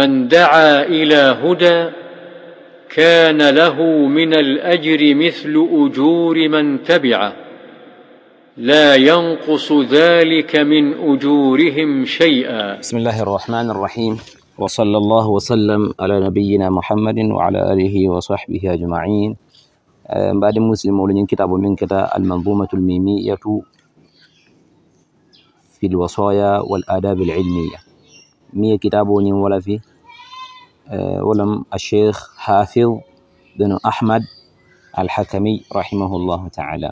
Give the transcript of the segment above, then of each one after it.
من دعا الى هدى كان له من الاجر مثل اجور من تبعه لا ينقص ذلك من اجورهم شيئا بسم الله الرحمن الرحيم وصلى الله وسلم على نبينا محمد وعلى اله وصحبه اجمعين آه، بعد مسلم ولين كتاب من كتاب المنظومه الميميه في الوصايا والاداب العلميه miyo e kitabu ñin wala fi e, wolam a cheikh hafil bino ahmad alhakami rahimahullahu taala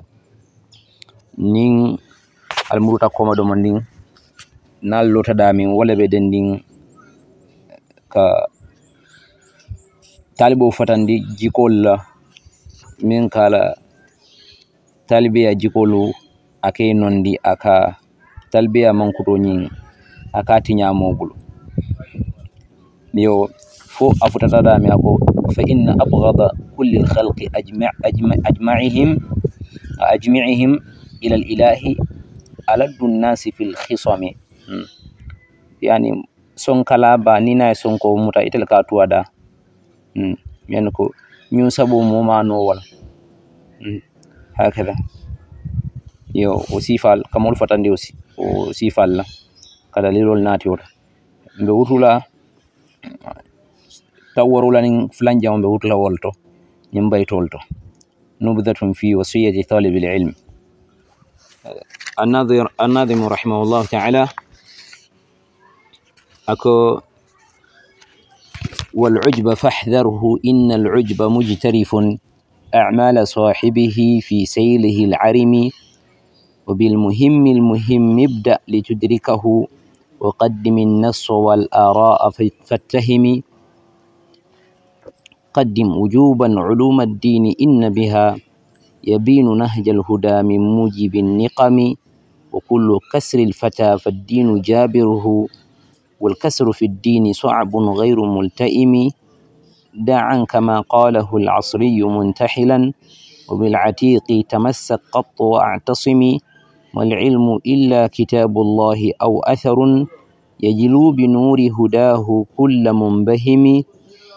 nin almuruta koma ɗoma ndin nan lotaɗamin wala ɓe den ndin ka talibo fatandi jikol la min kala talibiya jikolu akei nondi aka talibiya mankuto ñin aka tiñamogulo miyo fo a futataɗami ha ko fa inna abgada kulli lhalqi ajmaihim ajmiihim ila ilaal ilahi aladdu nnasi fi lhisami yani son kala ba nina e sonko muta itel ka tuwaɗa yani ko ñun sabu mumanowal hakada yo o sifal kamol fatandi o sifal la kada lilol naati oɗa ɓe wurtula tawwarula nin filanjamo ɓe wutula wolto nin mbaytol to nubdatun fi wasiyati talib alilm anadhir anadhim rahimahullah taala ako والعجب فاحذره إن العجب مجترف أعمال صاحبه في سيله العرم وبالمهم المهم ابدأ لتدركه وقدم النص والآراء فاتهمي قدم وجوبا علوم الدين إن بها يبين نهج الهدى من موجب النقم وكل كسر الفتى فالدين جابره والكسر في الدين صعب غير ملتئم دعا كما قاله العصري منتحلا وبالعتيق تمسك قط واعتصم والعلم إلا كتاب الله أو أثر يجلو بنور هداه كل منبهم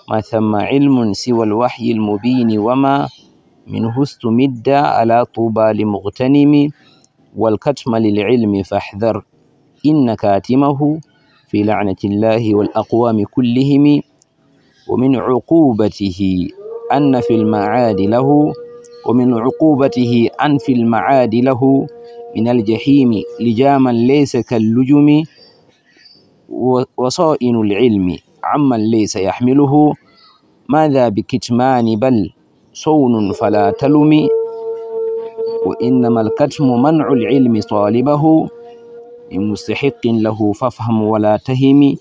ما ثم علم سوى الوحي المبين وما منه استمد على طوبى لمغتنم والكتم للعلم فاحذر إن كاتمه في لعنة الله والأقوام كلهم ومن عقوبته أن في المعاد له ومن عقوبته أن في المعاد له من الجحيم لجاما ليس كاللجم وصائن العلم عمن ليس يحمله ماذا بكتمان بل صون فلا تلم وإنما الكتم منع العلم طالبه من مستحق له فافهم ولا تهم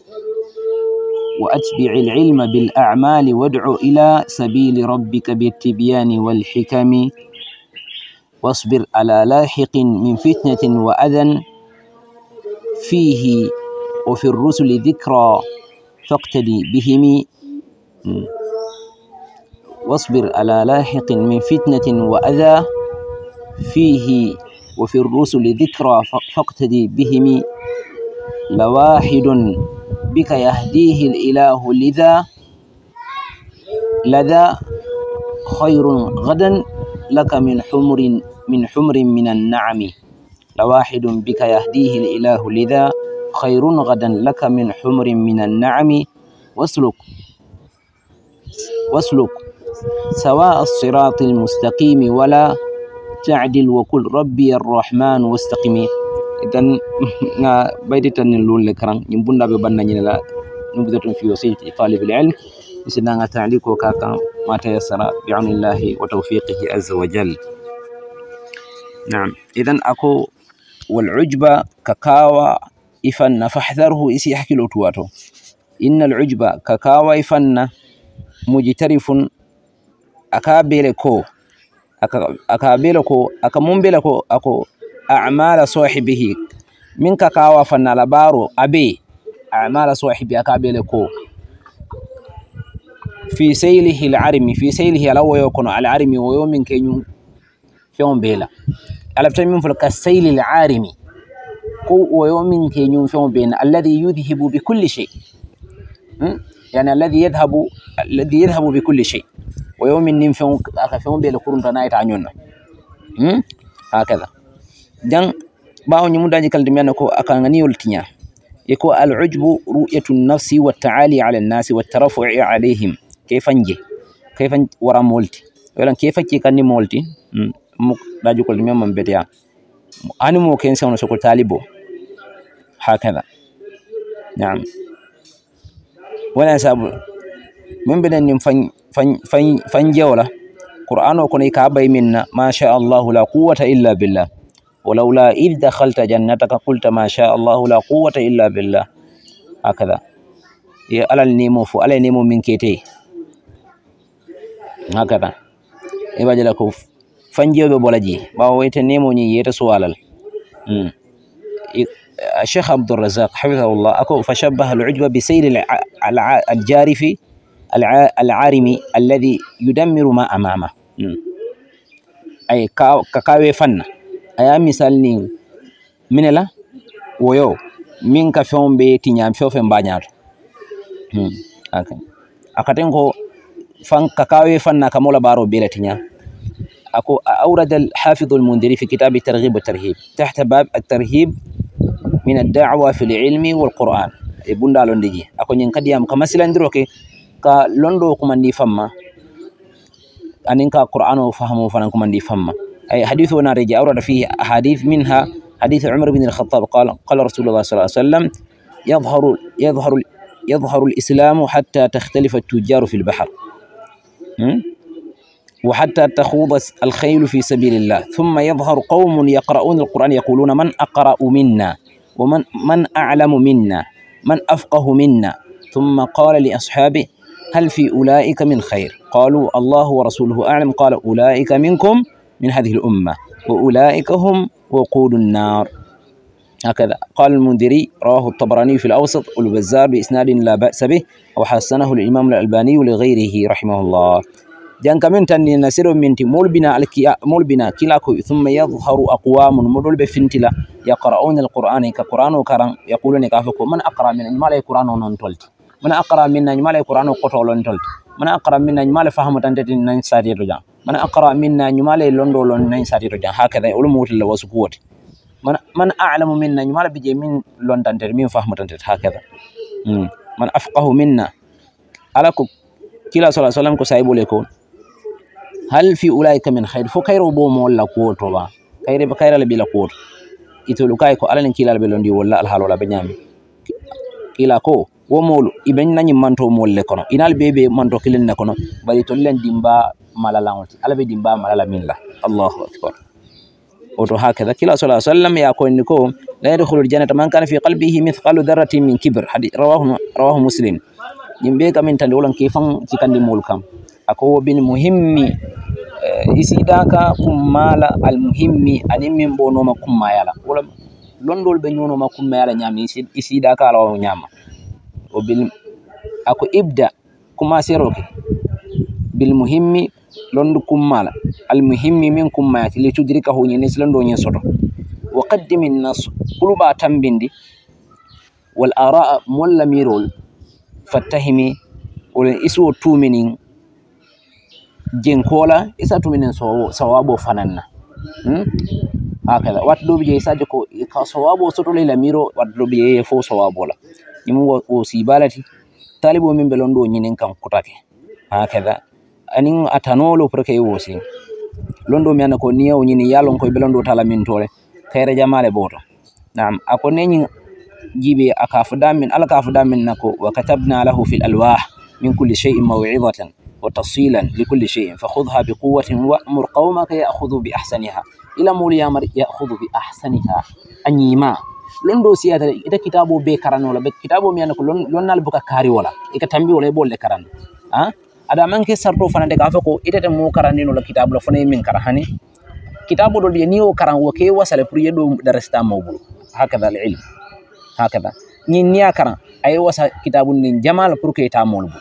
وأتبع العلم بالأعمال وادع إلى سبيل ربك بالتبيان والحكم واصبر على لاحق من فتنة وأذى فيه وفي الرسل ذكرى فاقتدي بهم واصبر على لاحق من فتنة وأذى فيه وفي الرسل ذكرى فاقتدي بهم لواحد بك يهديه الإله لذا لذا خير غدا لك من حمر من حمر من النعم لواحد بك يهديه الإله لذا خير غدا لك من حمر من النعم واسلك واسلك سواء الصراط المستقيم ولا تعدل وكل ربي الرحمن واستقم اذا بيدت أن نقول لك ران يبون دابي بنا نيلا نبذة في وسيلة طالب العلم سيدنا تعليق وكاكا ما تيسر بعون الله وتوفيقه عز وجل نعم اذا أكو والعجبة كاكاوا ifanna fahdharhu isi hakkilo tuwato innal ujba ka kawai fanna mujtarifun aka ko akabele ko akamumbele ko ako a'mala sahibihi min ka kawa fanna labaru abi a'mala sahibi akabele ko fi saylihi al'arimi fi saylihi alawayo yakunu al'arimi wa yawmin keñum fi umbela alabtami min fol ka sayli al'arimi kow o yomin keñum fewo ben alladi yudhibu bi culli chey hmm? yani alladi yadhabu alladi yadhabu bi culli chey o yomin nin fewo aka fewo bele kurumtanayita ñonno hmm? hakada jan ɓawo ñumudaji kalde mi anna ko aka ganiyol tiña e ko al ujbu ru'yatu nafsi wa ta'ali ala nnasi wa tarafui alayhim kefan je kefan wara molti walan kefacce kanni molti hmm? daju kolde mi amma mbeteya ani mo ken sewno soko talibo hakada nam wona sabu min mbiɗen nin fan jewola qur'an o kono ka bay minna macha allahu la quwata illa billah walawla id dahalta jannataka qulta macha allahu la quwata illa billah hakada yo alal nimo fo alay nimo min keete hakada e wajala ko fanjeɓe bolaji ɓawa wayte nemoñi yeyta suwalal cheikh hmm. abdourazak hafizahullah ako fashabaha alujba bi seyd aljarifi alarimi alladi yudammiru ma amama hmm. ay ka kawe fanna aya misal ni minela woyo min ka fewɓe tiñami fewfe mbañato hmm. akaten ko fan ka kawe fanna ka mola baro bela tiñam أورد الحافظ المنذري في كتاب الترغيب والترهيب تحت باب الترهيب من الدعوة في العلم والقرآن يبون دالون ديجي ibunda londiji ako nyin kadiyam kama silandiroke كمان دي فما أنين كا ka وفهمه fahamu كمان دي فما أي حديث ونارجة أورد فيه حديث منها حديث عمر بن الخطاب قال قال رسول الله صلى الله عليه وسلم يظهر يظهر يظهر الإسلام حتى تختلف التجار في البحر وحتى تخوض الخيل في سبيل الله ثم يظهر قوم يقرؤون القرآن يقولون من أقرأ منا ومن من أعلم منا من أفقه منا ثم قال لأصحابه هل في أولئك من خير قالوا الله ورسوله أعلم قال أولئك منكم من هذه الأمة وأولئك هم وقود النار هكذا قال المنذري رواه الطبراني في الأوسط والبزار بإسناد لا بأس به وحسنه الإمام الألباني لغيره رحمه الله janka min tan nina séro minti molbina alkiya molbina kilako thumma yadharu aqwamun moɗol ɓe fintila yaqra'una alqur'ana ka qur'an o karan yaquluna ka fako man aqra min ñumala e qur'an o non tolti man aqra min na ñumala e qur'an o qotolon tolti man aqra min na ñumala fahamu tan tati nañ satiyeto jan man aqra min na ñumala e londolon nañ satiyeto jan ha kada olu mowtilla wasu kuwote man man alamu min na ñumala bije min londantete min fahamu tan tati ha kada hmm. man afqahu min na ala ko kila sa sallam ko sahibole kon hal fi ulaika min khair fo kayro bo mo walla kuwoto ba kayre ba kayrala bila kuwoto itolu kay ko alanin kilal be londi walla alhaalola kila ko wo moolu iɓe nañi manto moolu kono inal be manto kilin ne kono bari to len dimba malalaŋol ti ala be dimba malala min allahu akbar woto hakada kila sa sallam ya koyni ko la yadkhulul jannata man kana fi qalbihi mithqalu dharratin min kibr hadi rawahu rawahu muslim yimɓe kamin tande wolan ke cikandi moolu kam ako wobin muhimmi eh, isidaka kummala al muhimmi anin min ɓonoma kummayala wola londol ɓe ñonoma kummayala ñami isidaka ala wawa ñama o bil ako ibda kumaseroke bil muhimmi londu kummala al muhimmi min kummayati li tudrika hu ñinis londo ñin soto wa qaddimin nas kuluɓa tambindi wal araa molla mirol fattahimi olen isuwo tuminin jen kola isatu minen sawabo fananna hmm? hakala wattudoɓe jeey sadde ko sawabo sotole lamiro wattudoɓe yeeye fo sawabola ɗum o sibalati talibo min ɓe lonɗo ñinen kan kutake hakala anin a tanolo pour que wosi lonɗo mi anda ko niyao ñini yallon koye ɓelonɗo tala mintore kayre jamale boto nam ako neñi jiɓe a kafudamin ala kafudamin nako wa katabna lahu fi l alwah min culli cheyin mawidatan وتفصيلا لكل شيء فخذها بقوة وأمر قومك يأخذوا بأحسنها إلى مولي أمر يأخذ بأحسنها أنيما londo siyata ita kitabo be karano la be kitabo mi anako lonnal buka kari wala ika tambi wala e bolle karano ha ada manke sarto fanande ka de mo karani no la kitabo la fane min kara hani kitabu ɗo ɗe karan wo ke wasale pour yeɗo darasita mawbulu hakada al ilm hakada ñin niya karan aye wasa kitabu nin jamala pour que ta molbu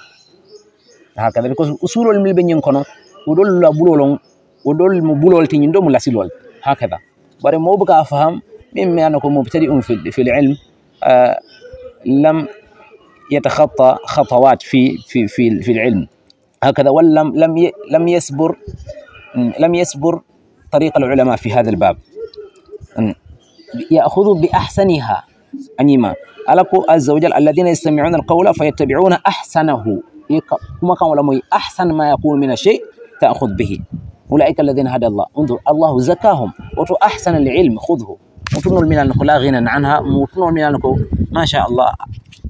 هكذا بيكون أصول المل بين كنا ودول لا بولون ودول مبولول تيندو دوم هكذا بره مو بقى أفهم من ما أنا كم مبتدئ في في العلم آه لم يتخطى خطوات في في في في العلم هكذا ولم لم لم يسبر لم يسبر طريق العلماء في هذا الباب يأخذ بأحسنها أنيما ألقوا عز وجل الذين يستمعون القول فيتبعون أحسنه كما كان ولا أحسن ما يكون من الشيء تأخذ به أولئك الذين هدى الله انظر الله زكاهم وتو أحسن العلم خذه وتنول من أنك لا غنى عنها وتنول من أنك ما شاء الله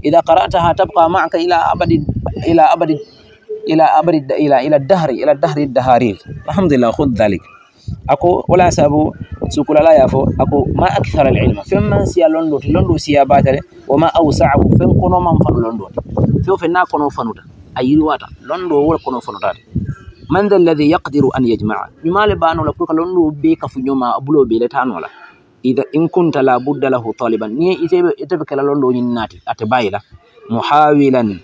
إذا قرأتها تبقى معك إلى أبد إلى أبد إلى أبد إلى إلى الدهر إلى الدهر الدهارير الحمد لله خذ ذلك أكو ولا سابو سكولا لا يافو أكو ما أكثر العلم فيما سيا لندوت لندو سيا باتر وما أوسعه فين كنوا من فن لندوت فيو فينا كنوا فنوتا a yirwata lon ɗo wola kono fonotade man da alladi yaqdiru an yajmaa ñumale banola pour ka lon ɗo be ka fuñoma abulo be letanola ida in kunta la budda lahu taliban ni itebe itebe kala lon ɗo ñinnati ate bayila muhawilan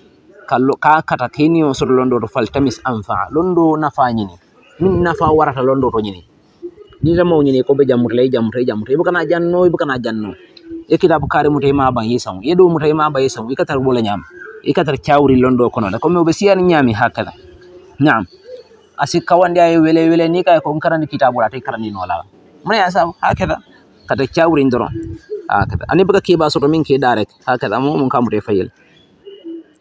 kallo ka kata keni o soto lon ɗo to faltamis anfa lon ɗo nafa ñini min nafa warata lon ɗo to ñini ni ta maw ñini koɓe jammutela e jammuta e jammuta yeɓe kana janno yeɓe kana janno e kitabu kare mutee ma ban yesan yeɗo mutee ma ba yesan yikatar wola ñama يكتر كاوري لندو كنولا كم يبسيان نيامي هكذا نعم أسيك كواندي أي ويلي ويلي نيكا يكون كران كتاب ولا تكران نولا من يساو هكذا كتر كاوري ندرون هكذا أنا بقى كي باسر من كي دارك هكذا مو من كامر يفيل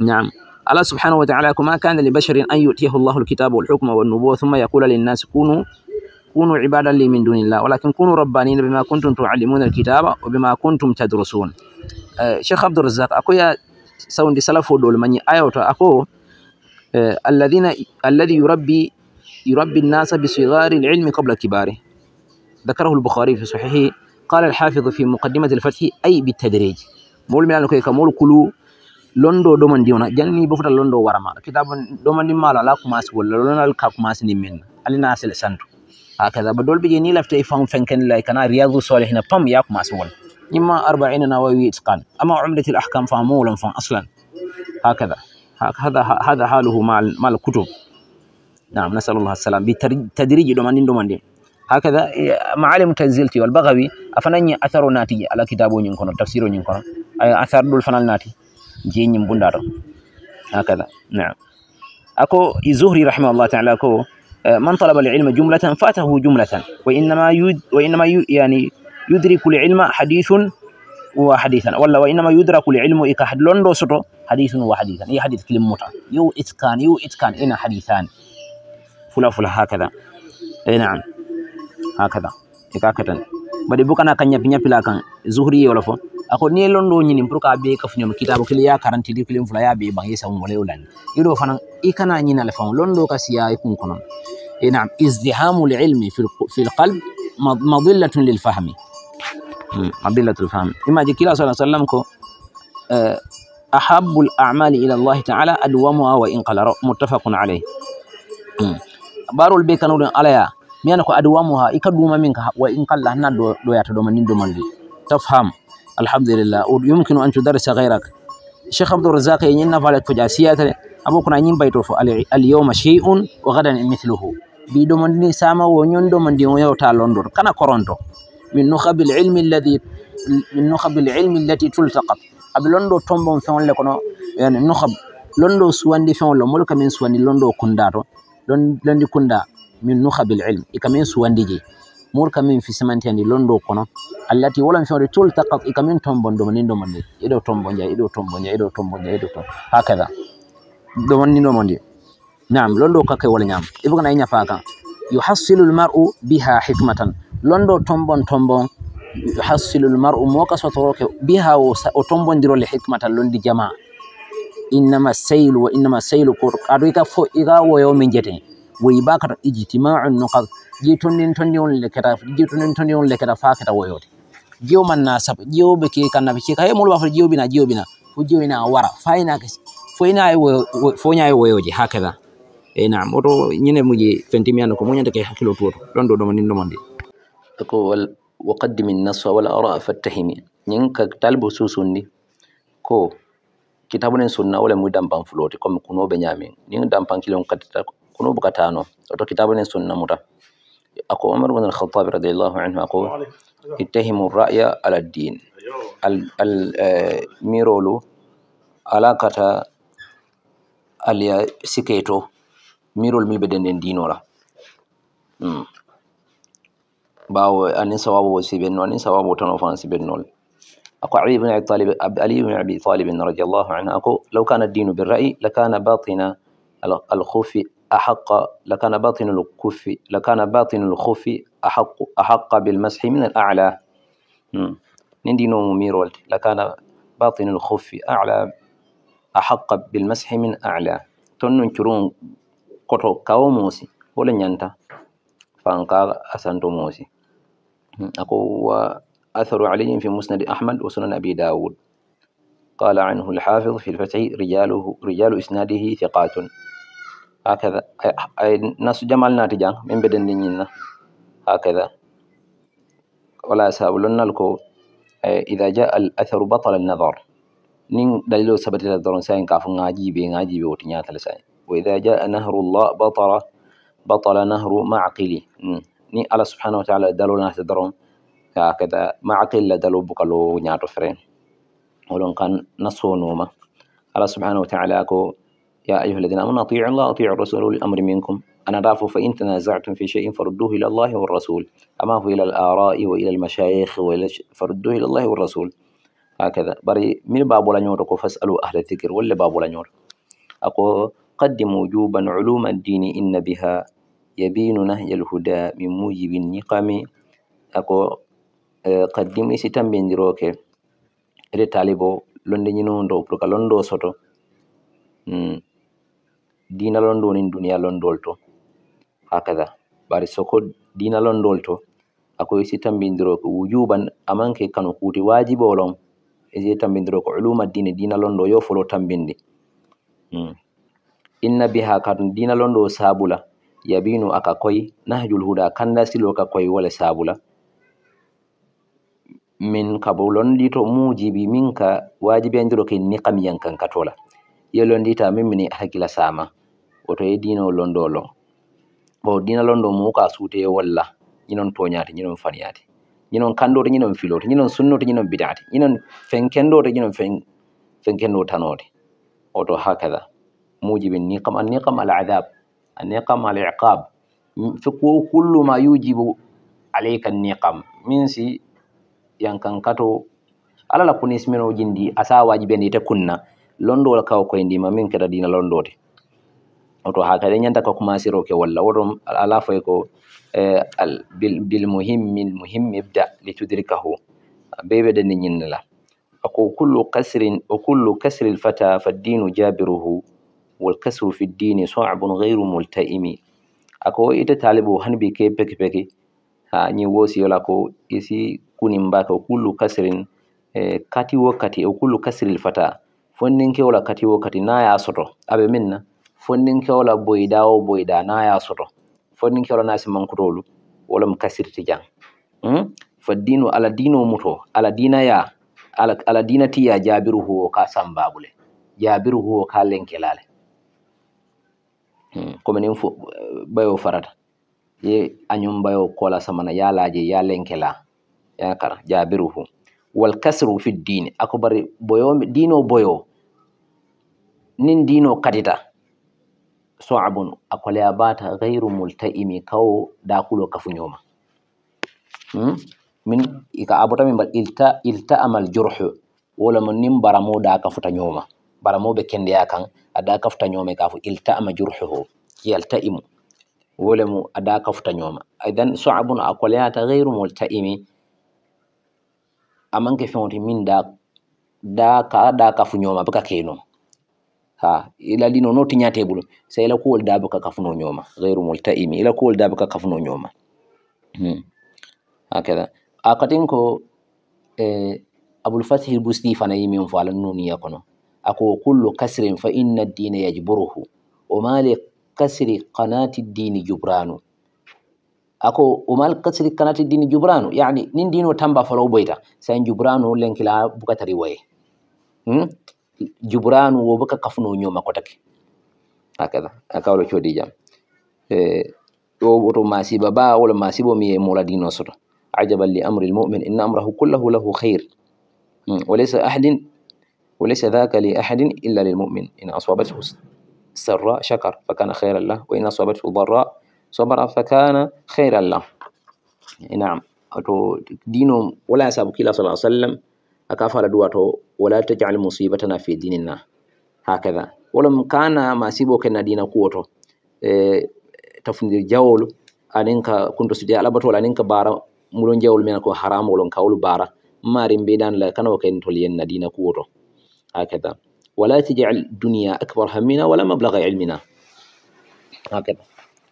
نعم الله سبحانه وتعالى كما كان لبشر أن يؤتيه الله الكتاب والحكم والنبوة ثم يقول للناس كونوا كونوا عبادا لي من دون الله ولكن كونوا ربانين بما كنتم تعلمون الكتاب وبما كنتم تدرسون أه شيخ عبد الرزاق أكو sawndi sala foɗol mañi ayoto ako alladina alladi yurabbi يربي الناس بصغار العلم قبل كباره ذكره البخاري في صحيحه قال الحافظ في مقدمة الفتح أي بالتدريج مول من كيكا مول كلو لوندو دومان ديونا جاني بوفتا لوندو ورما كتاب دومان ديما لا كوماس ولا لنا الكا ني من علينا ناس السنتو هكذا بدول بيجي ني لفتي فان فنكن لا كان رياض صالحنا بام يا كوماس ولا إما أربعين نووي إتقان أما عمله الأحكام فامولا فان اصلا هكذا هذا هذا حاله مع مع الكتب نعم نسأل الله السلام بتدريج دومانين دومانين هكذا معالم تنزيلتي والبغوي أفناني أثر ناتي على كتابه ينكون تفسيره ينكون أثر دول فنال ناتي جين ينبندار هكذا نعم أكو الزهري رحمه الله تعالى أكو آه، من طلب العلم جملة فاته جملة وإنما يود وإنما يود يعني يدرك العلم حديث وحديثا ولا وإنما يدرك العلم إك حد لندو سطو حديث وحديثا هي حديث كلمة متع يو إتكان يو إتكان إنا حديثان فلا فلا هكذا أي نعم هكذا إك هكذا bari bukana kan nyapi nyapi la kan zuhri wala fo ako ni londo nyini pour ka be ka fnyom kitabo kili ya karanti di kili mfula ya be bang yesa mo lew lan ido fana ikana nyina la fam londo ka siya ikun kono e na'am izdihamu al ilmi fi al qalb madillatun lil fahmi Mm, adillatul faham imaji kila sala sallam ko eh, ahabul a'mali ila allah ta'ala adwamuha wa in qalara muttafaqun alayh mm. Barul be kanu kanuɗen alaya miyana ko adwamuha ika ɗuma min ka wa in qalla na do hana ɗoyata ɗoma man di tafham alhamdulillah wa yumkinu an tudarisa gayrak cheikh abdourazaq e ñinnafalek fo ja siyatare abo kona ñimbayto fo yawma shay'un wa gadan e mithluhu mbiɗomandi ni sama wo ñon ɗomandi o yewta london kana koronto min nukhab alilmi alladhi min nukhab alilmi allati tultaqat abi londo tombon fewnle kono yani nukhab londo suwandi fewnlo mol kamin suwandi londo kundato londi kunda min nukhab alilm ikamin suwandi je mur kamin fi simantiandi londo kono allati wolam fewde tultaqat ikamin tombon dom nindo mande edo tombon ja edo tombon ja edo tombon ja edo to hakada dom nindo mande nam londo kake wala nyam ibugana inya faka yuhassilu almar'u biha hikmatan londo tombon tombon yuhassilu almar'u mo kasotoroke biha o tombondirole hikmatan londi jama innama sailu wa innama sailu ko aɗo ika fo ika woyomin jete woyi ba kata ijtimaun no ka je tonnin tonni on leketa je tonnin tonni on leketa fa keta woyode jewo man nasab sab be ke kanna be ke kay mulu ba fo bina jewo bina ko jewo ina wara fa ina fo ina ay wo fo ina ay woyoje hakada e eh, nam oto ñine muje fentimiyano ko moñante kay hakkilo tuwoto ɗon ɗo ɗomani ɗomandi ko wal waqaddimi naswa wal ara fattahimi ñin ka talibo susundi ko kitabu sunna wala mu dampan fuloti comme kunoɓe ñamin nin dampan kilon katita kuno bukatano oto kitabu sunna muta ako umar bin al-khattab radiyallahu anhu ako ittahimu ra'ya ala din al, al eh, mirolu alakata aliya siketo mirol mi ɓe nden en dinora ɓawo anin sawabo si ɓenno anin sawabo tan o fan si ɓennol ako ali bne abi talib ali bne abi talibin radiallahu anhu ako law kana dinu birra'i lakana batina alkhufi أحق لكان باطن الخف لكان باطن الخف أحق أحق بالمسح من الأعلى ندينو ميرول لكان باطن الخف أعلى أحق بالمسح من أعلى تنن كرون koto kawo moosi wo le ñanta fanka asanto moosi hmm, ako wa atharu aliyin fi musnadi ahmad wa sunan abi dawud قال عنه الحافظ في الفتح رجاله رجال إسناده ثقات هكذا أي ناس جمالنا تجان من بدن ديننا هكذا ولا سابلنا لكو إذا جاء الأثر بطل النظر نين دليل سبت الدرون ساين كافن عجيبين عجيبين وتنيات لساين وإذا جاء نهر الله بطل بطل نهر معقلي ني ala سبحانه وتعالى دلو dalo na ta daron ka kada ma'aqil la dalo bukalo nyaato fren wolon kan nasonoma يا أيها الذين آمنوا أطيعوا الله أطيعوا الرسول الأمر منكم أنا داف فإن تنازعتم في شيء فردوه إلى الله والرسول أما هو إلى الآراء وإلى المشايخ وإلى ش... فردوه إلى الله والرسول هكذا بري من باب ولا نور فاسألوا أهل الذكر ولا باب ولا نور أقول قدم وجوبا علوم الدين إن بها يبين نهج الهدى من موجب النقم ako kaddim isi tambendiroke ede talibo londe ñinondo pour ka londo soto dina londo nin duniya londol to hakada bari soko dina londol to ako isi tambendiroke wujuban amanke kanu kuti wajibolon isi tambendiroke ulumaddine dina londo yo folo tambindi inna biha kan dina londo sabula yabinu aka koy nahjul huda kanda silo ka koy wala sabula min kabo londi to mujibi minka wajibi andiro ke ni kam yankan katola ye londi ta min min hakila sama o to dino londo lo o dina londo mu ka sute wala ninon tonyati ninon faniyati ninon kando to ninon filo to ninon sunno to ninon bidati ninon fenkendo to ninon fen fenkendo tanode o to hakada mujibin niqam anniqam alazab anniqam aliqab fiku kullu ma yujibu alayka niqam min si yankankato alala kunisminoji ndi asawaji ɓendi te kunna londowol kawa koye ndima min keɗa dina londode oto ha kadi ñanta ka commencer o ke walla woto ala foye ko e, bilmuhimmi muhimm ibda li tudrikahu be weɗeni ñinnela ako kullu kasrin o kullu kasri lfata fa ddinu jabiruhu والكسر في الدين صعب غير ملتئم ako ite talibo hanbi ke peke peke ha nyi wosi yola ko isi kunin baka kullu kasrin eh, kati wo kati o kullu kasril fata fonnin ke wala kati wo kati na ya soto abe minna fonnin ke wala boyda o boyda na ya soto fonnin ke wala nasi mankutolu wala mkasirti jang hmm? faddinu ala dino muto ala dina ya ala, ala dina tiya Eh, kominin bayo farata ye añum bayo kola samana ya laje ya lenkela yakar jabiruhu wal kasru fi dini akobari boyo dino boyo nin dino kadita so'abun akole abata ghairu multaimi kawo da kulo kafunyoma hmm? min ika abota min bal ilta ilta amal jurhu wala mun nim baramo da kafuta nyoma baramo be kende yakan ada kafta nyome ka fu ilta ama jurhuhu yalta imu wolemu ada kafta nyoma aidan su'abun aqliyata ghayru multaimi amanke fonti min da da ka da ka fu nyoma baka keno ha ila lino no tinya table sai la ko da baka ka fu no nyoma ghayru multaimi ila ko da baka ka fu no nyoma hmm akada akatin ko e eh, abul fathil busti fana yimi on fala nuniya kono أكو كل كسر فإن الدين يجبره وما لكسر قناة الدين جبران أكو وما لكسر قناة الدين جبران يعني نين دين وتنبا فلو بيتا سين جبران لنكلا بكتا رواية جبران وبكا كفنو نيوما كتك هكذا أكاولو شو دي جام woto masiba ba wala masibo mi e mola dino soto ajaban li amri lmumin inna amrahu kullahu lahu khair walaysa ahadin وليس ذاك لأحد إلا للمؤمن إن أصابته سراء شكر فكان خيرا له وإن أصابته ضراء صبر فكان خيرا له نعم دينهم ولا سابق كلا صلى الله عليه وسلم أكافر دواته ولا تجعل مصيبتنا في ديننا هكذا ولم كان ما سيبوك أن دين قوته إيه، تفندر جول أنك كنت سيدي على بطول أنك بارا ملون جول منك حرام ولن كاول بارا ما رمبيدان لكنا وكين تولين دين قوته هكذا ولا تجعل الدنيا أكبر همنا ولا مبلغ علمنا هكذا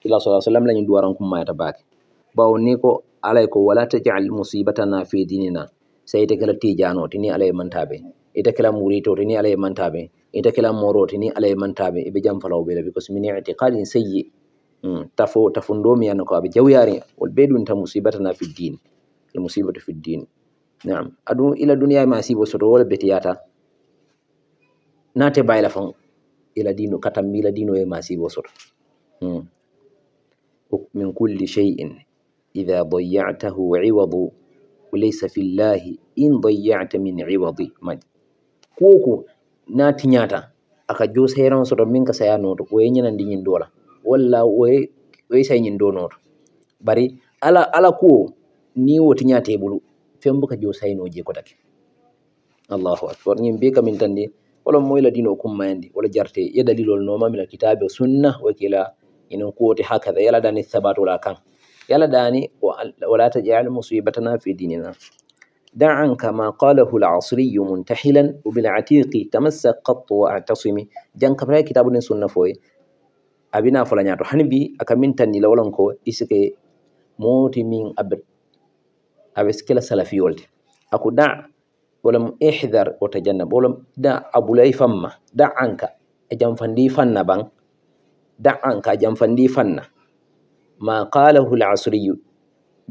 كلا صلى الله عليه وسلم لن يدوارنكم ما يتباك باونيكو عليكو ولا تجعل مصيبتنا في ديننا سيتكلا تيجانو تني علي من تابي itakila murito tini ala ye mantabe itakila moro tini ala ye mantabe ibe jamfalawo bela because min itiqadin sayyi mm. tafo tafundomi yano ko abe jawyari wol be ɗum ta musibatana fi ddin almusibatu fi ddin naam aɗum ila duniya ma sibo soto wola betiyata nate bayla fon ila dino katam mila dino e masibo soto hmm. min kulli shay'in idha dayatahu iwadu laysa fi llahi in dayata min iwadi ma koku nati ñata aka jo seran soto min ka saya noto koye e ñanandi ñin dola walla oye e, say ñin do noto bari ala ala kuo ni woti ñate bulu fembo ka jo sayno je ko take allahu akbar ñin bi kamin tandi wolon mo ila dino kummayandi wala jarte ye dalilol noma mila kitabe sunna wakila inin kuwoti hakada yala dani thabat wala kan yala dani wala tajal musibatana fi dinina دع عنك ما قاله العصري منتحلا وبالعتيق تمسك قط واعتصمي جان كبرى كتاب السنة فوي أبينا فلان يعرف حنبي أكمن تاني لولنكو إسكي موتي من أبر أبسكيلا سلفي ولد أكو دع wolam ihdar o tajannab wolam da abulay famma da anka e jam fandi fanna ban da anka e jam fandi fanna ma qalahu al'asriyu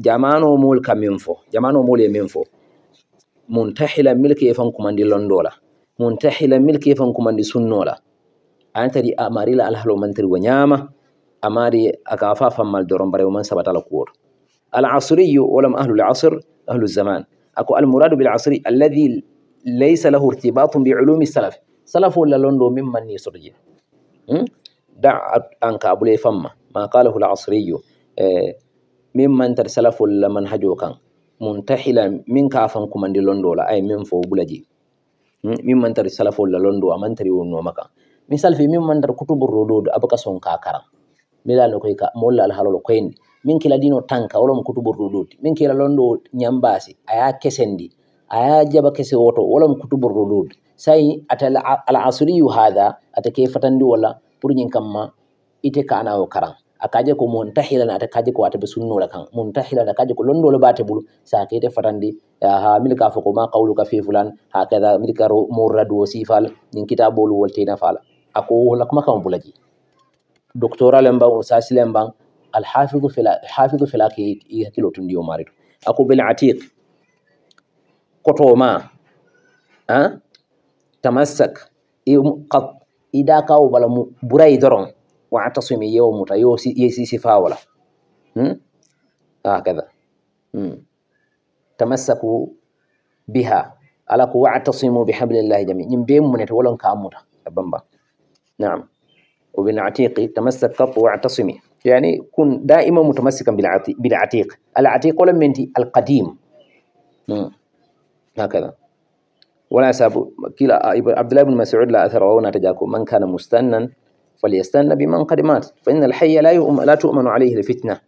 jamano mol ka min fo jamano mol e min fo muntahila milki e fan kumandi londola muntahila milki e fan kumandi sunnola an kadi amarila alhalo mantri wa nyama amari aka fa fammal doron bare man sabatala kuwoto al'asriyu wolam ahlu al'asr ahlu zaman ako almuradu bil asri alladhi laysa lahu irtibatun bi ulumi salaf salaf wala londo min man ni sodje hmm? da an ka abule famma ma qalahu al asri eh, min man tar salaf wala manhajo kan muntahila min ka fan kuma ndi londo la ay min fo bulaji hmm? min man tar salaf wala londo aman tari wonno maka misal fi min man tar kutubur rododo abaka son ka karam milano koy ka molla al halalo koyndi min kila dino tanka wala mkutu burududi min kila londo nyambasi aya kesendi aya jaba kese woto wala mkutu burududi sai ata ala asuri yu hadha ata kefatandi wala puru nyinkama ite kana wa karang akaje ko muntahila na atakaje ko atabe sunno la kan muntahila na kaje ko londo lo bate bulu sa ke te fatandi ha milka fa ko ma qawluka fi fulan ha hakada milka ro murradu wasifal nin kitabul waltina fala ako wala kuma kan bulaji doctoral lemba o sasilemba الحافظ فلا حافظ فلا كي يهتلو تنديو ماريتو أكو بالعتيق كتو ما أه؟ تمسك إيه قط إذا كاو بلا براي درون وعتصم يوم تيوسي يسي سفاولا هكذا آه تمسكوا بها على قوة تصيموا بحبل الله جميعا نم بيم من تولن كامورا نعم وبنعتيق تمسك قط واعتصمي يعني كن دائما متمسكا بالعتيق العتيق ولم ينتي القديم نعم. هكذا ولا سابو كلا عبد الله بن مسعود لا أثر وهنا تجاكو من كان مستنا فليستنى بمن قد مات فإن الحي لا يؤم لا تؤمن عليه الفتنة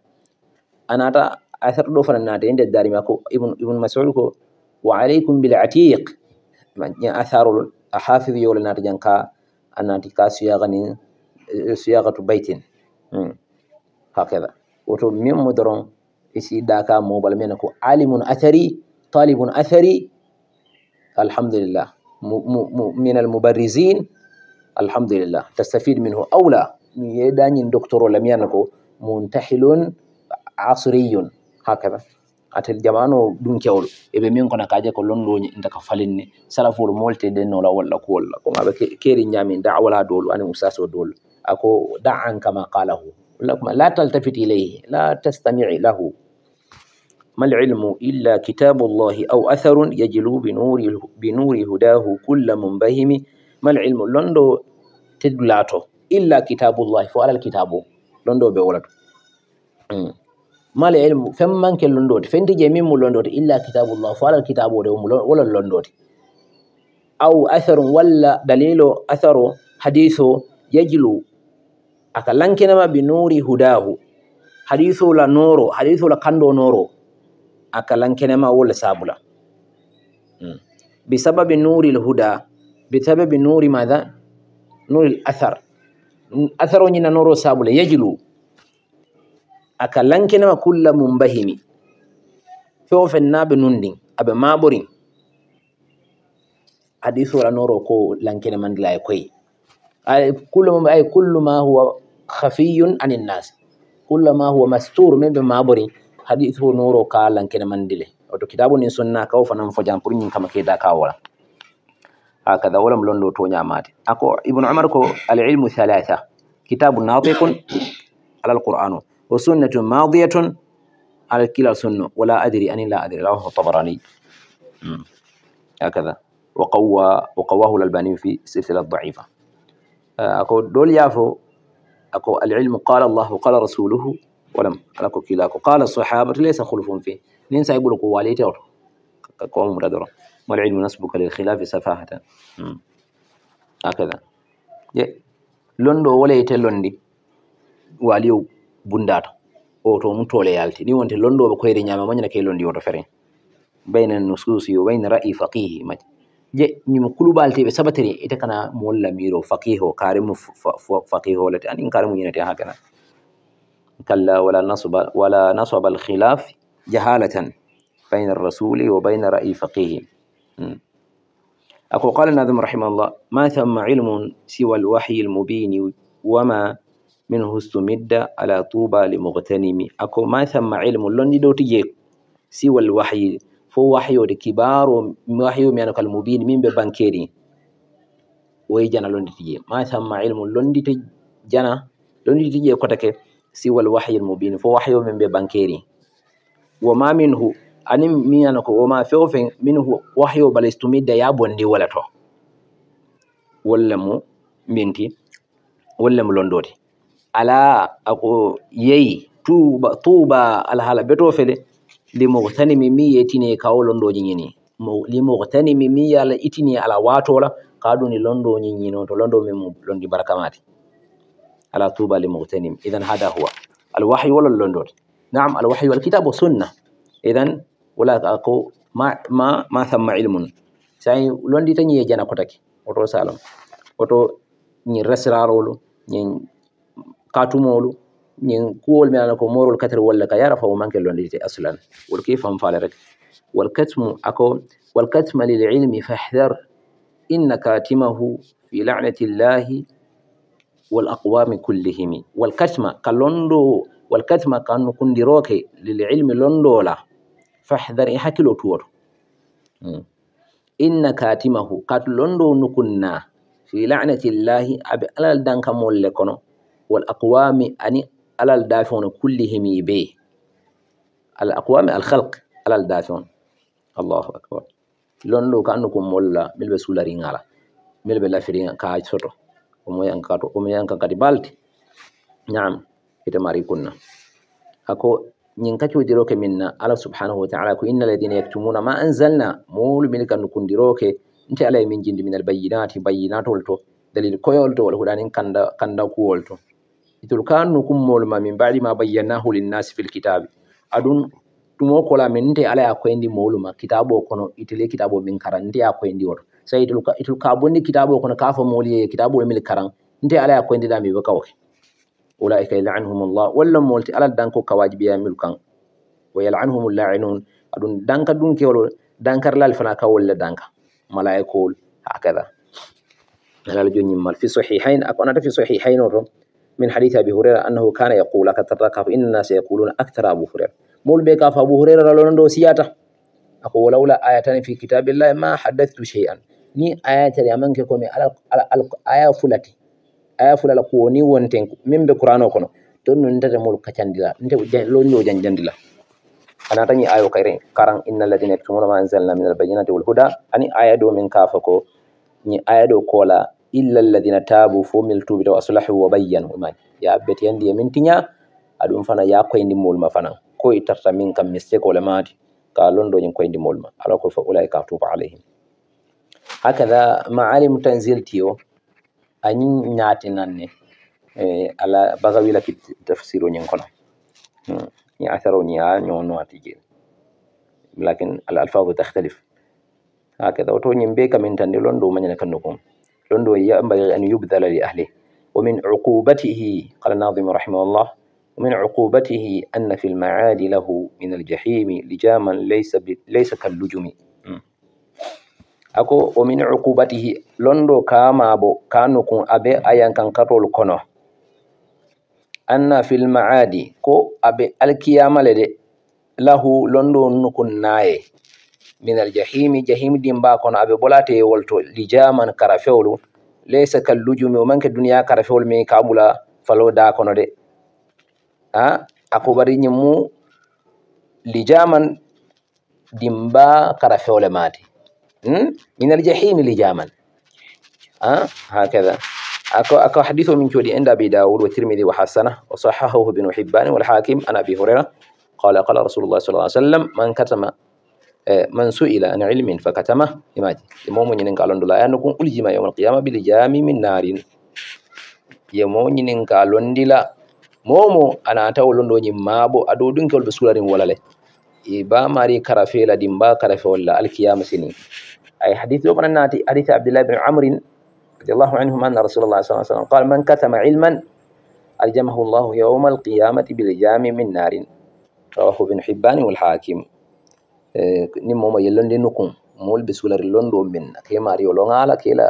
أنا أرى أثر لوفر فرنا عند الدار ماكو ابن ابن مسعود كو وعليكم بالعتيق يعني أثار الحافظ يولنا تجانكا أنا تكا صياغة صياغة بيت hakeda woto memmo doron esidaka mobal mena ko alimun athari talibun athari alhamdulillah minal mubarrisin alhamdulillah tastafid minhu aula mi yeidañin doctor o lamiyana ko muntahilun asriyun hakada ate jamano ɗum kewol eɓe min kona kaje ko lonloñi ndaka falinni salafol molte ndennola walla ko walla ko maɓe keri ñami dawala dowlu ani ustas o dowlu ako da an kama qalahu لكم لا تلتفت إليه لا تستمع له ما العلم إلا كتاب الله أو أثر يجلو بنور, بنور هداه كل منبهم ما العلم لنو تلات إلا كتاب الله فعلى الكتاب لنو بولت mala elmu femmanke londote fendi je min mu londote illa kitabullah fo alal kitabode wola londote aw atharu walla dalilo atharo hadiso yajlu aka lankinama bi nuri hudahu hadisola noro hadisola kando noro aka lankinama wole sabula hmm. bi sababi nuri lhuda bi sababi nuri maa nuri lathar atharo ñina noro sabula yajlu aka lankinama kulla mumbahimi fewofen naɓe nundin aɓe maɓorin hadisola noro ko lankinamandilaye koye kullu ma huwa khafiyun anin nas kullama huwa mastur min be mabori hadis hu noro ka lankene mandile oto kitabu nin sunna ka ofa nan fojan pur nin kama keda ka wala ha kada wala mlondo to nyamate ako ibn umar ko al ilm thalatha kitabu nawbe kun al alquran wa sunnatun madiyatun al kila sunna wala adri anin la adri lahu tabarani hmm. hakada wa qawwa wa qawahu al albani fi silsila dha'ifa ako dol yafo ako alilmu qala allahu qala rasuluhu walam ala ko kilako qala sahabatu laysa hulufum fi nin sa ɓuro ko wali tewto komumradoro walilmu nasbuka lilkhilafi safahatan akada e londo walayte londi waliyo bundato o to mum tole yalti ɗin wonte londoɓe koyre ñama moñana kay londi woto feren bayna nususi o bayna ra'i faqihi mati يعني مكلو بالتي بسبتني إذا كنا مولا ميرو فقيه وكارم فقيه ولا يعني إن كارم ينتهي هكذا كلا ولا نصب ولا نصب الخلاف جهالة بين الرسول وبين رأي فقيه أكو قال الناظم رحمه الله ما ثم علم سوى الوحي المبين وما منه استمد على طوبى لمغتنم أكو ما ثم علم لن يدوتي سوى الوحي fo wahyode kibaro wahyo mianokal mubin min ɓe bankeri woyi jana londitiƴe ma tamma ilmu londite jana londitiƴe kotake siwal wahyi lmubin fo wahyo min ɓe bankeri woma minhu ani minanako woma fewfe minhu wahyo balistumidda ya bondi walato wollemu minti wollemu londode ala ako yeyi tuba tuba alhala betofele limogo tani mi mi yetine kawo londoji ñini limogo tani mi mi yala itini ala watola kaduni londoji ñino to londo mi mu londi baraka mati ala tuba limogo tanim ihan hada huwa alwahyi wala londode naam alwahyi wal kitabu sunna ihan wala ko ma ma thamma ilmun sai londi tañiye jana kotake oto salom oto ñin restaurant olu ñin katumolu نين قول من أنكم مور الكتر ولا كيارة فهو ما نكلون ليجي أصلا والكيف هم فالرك والكتم أكو والكتم للعلم فاحذر إن كاتمه في لعنة الله والأقوام كلهم والكتم كاللوندو والكتم كانو كندي روكي للعلم لوندولا فاحذر إحاكي إيه لو تور إن كاتمه كاللوندو نكنا في لعنة الله أبي ألال دانكا مولي كنو والأقوام أني alal dafeŋo kullihim i be al aqwami al halk alal dafeŋo allahu akbar londo ka andu ko molla mil ɓe sulariŋala mil ɓe lafiriŋa ka soto omoyankato omoyanka kadi balti naam ite mari kunna ako ñin kacuudiroke minna ala subhanahu wa taala ko inna alladina yaktumuna ma anzalna moolu min kandu kundiroke nte ala e min jindi min albayinati bayinatol to dalil koyol to wala huɗanin kanda kanda kuwol to itulkanu kummol ma min baɗi ma bayyannahu linnasi fil kitabi aɗum ɗumokola minte ala yakoyndi moluma kitabu o kono itile kitabu min karan nte yakoyndi oto sai itulka bonni kitabu o kono kafa moliye kitabu o min karan nte ala yakoyndida mi wekawke ulaika yalanhum llah walla molti ala danko kawaji ɓiyamil kan wa yalanhum llainun aɗum danka ɗumkewol dankarlal fana ka wolle danka malaikol hakada alal joñimmal fi sahihain akonata fi sahihain oto min hadithe abi hurera annahu kana yaqul akatarraka fa inna nasa yaquluna aktara abu hurera mol ɓe ka fa abu hurera lalonando siyata ako walawla ayatani fi kitabillahi ma haddathtu sheyan ni ayatari amanke komi aya fulati aya fulala kuwoni wonten min ɓe qurano kono tonno ntata mol kacandila lonjo janjandila anatañi ayo kayre karan inna alladina yaktumuna ma anzalna min albayinati walhuda ani aya ɗo min kafa ko ñi aya ɗo koola illa alladhina tabu fumil miltuɓe wa aslahu wa bayyanu imaji ya abati andi yamintinya adum fana ya indi ma fana ko itarta min kam mistake ole maati ka londo londoñin koyndimol ma ala koye fa ulai ulaika atuba alayhim hakada maalimu tanzil tiyo nyati nanne ñaatinanne ala baga wilaki tafsiro ñin kono ni atharo ñi a ñoono ati jeeri lakin al alfaz takhtalif hakada oto ñin be kamin tandi lon ɗo mañana kannukum لندو ينبغي أن يبذل لأهله ومن عقوبته قال الناظم رحمه الله ومن عقوبته أن في المعاد له من الجحيم لجاما ليس ب... ليس كاللجم أكو ومن عقوبته لندو كاما بو كانو كون أبي أيان كان كرول كونو أن في المعاد كو أبي الكيامة لدي له لندو نكون naye min aljahimi jahim dimbakon aɓe ɓolate wolto lijaman kara fewlu laysa kallujumi o manke duniya kara fewol min kamula falo dakono de a akubari ñimmu lijaman dimba kara fewle mate min aljahimi lijaman a hakada أكو أكو حديث من جودي عند أبي داود والترمذي وحسنه وصححه ابن حبان والحاكم عن أبي هريرة قال قال رسول الله صلى الله عليه وسلم من كتم man su'ila an ilmin fakatama imaji mo mo nyinen kalon dula yanu kun uljima yawmal qiyamah bil jami min narin ye mo nyinen kalon dila momo ana tawo londo nyi mabo ado dun kol be sularin walale e ba mari karafe la dimba karafe wala al qiyamah sini ay hadith do banati hadith abdullah ibn amr radiyallahu anhu anna rasulullah sallallahu alaihi wasallam qala man katama ilman aljamahu allah yawmal qiyamati bil jami min narin rawahu ibn hibban wal hakim nimmo ma yellonde nokkum mo wolɓe suulare londo min ke mari o loŋala kela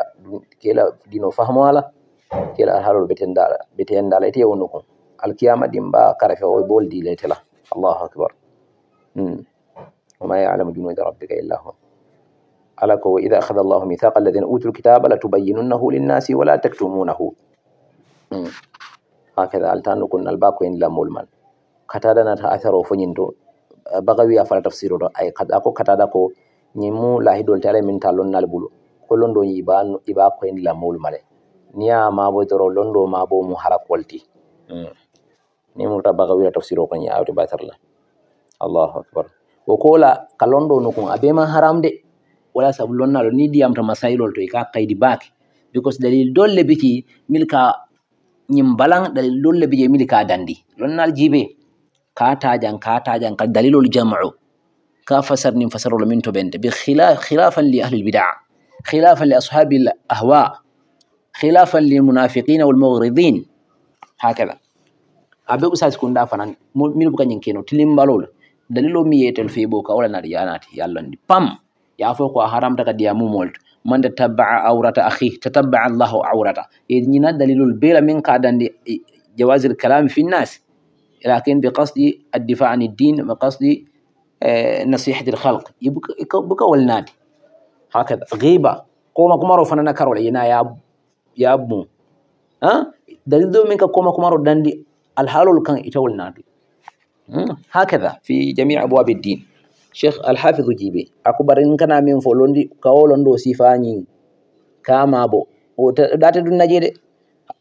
kela dino fahmo ala kela alhaaloɗo te wonu ko al kiyama dimba karafe o bool diletela allahu akbar wama yalamu junuda rabbika illa hu ala ko wa ida akhada allahu mithaqa alladina utu lkitaba latubayyinunnahu linnasi wala taktumunahu hakada altanno kunnal ba ko en lammol man kataɗanata atharo foñinto bagawi ya fara tafsiro do ay kada ko katada ko nyimu hidol tare min talon nal bulu ko londo yiba iba ko en la mul male niya ma bo doro londo ma bo mu hara kolti mm. ni mu ta bagawi ya tafsiro ko nyaa to batarla allahu akbar o kola kalondo no ko abe ma haram de wala sabu lonnalo ni diyam ta masailol to e ka kaydi baki because dalil dolle biki milka nyimbalang dalil dolle biye milka dandi lonnal jibe katajan katajan ka dalilol jamaro ka fasarnin fasarol min to ɓende ɓe khilafan li ahli lbida khilafan li ashabi l ahwa khilafan li munafiqina walmouridin hakada a ɓe usasi kunda fanan min bo kañin keno tilimbalol dalilo mi yetel feɓo ka wala nati yanati yallandi pam yafo ko a haramta ka diya mumol man de tabaa aurata ahi tatabaa llahu aurata e ñina dalilol bela min kadandi e, jawasil kalami finnasi لكن بقصد الدفاع عن الدين بقصد آه، نصيحة الخلق يبقى والنادي هكذا غيبة كوما كمارو فنانا كارول ينا يا يا ابو ها دليل دو منك كوما كمارو داندي الحال كان يتول نادي هكذا في جميع أبواب الدين شيخ الحافظ جيبي أكبر إن كان من فولوندي كاولوندو سيفاني كامابو وتدات دون نجيد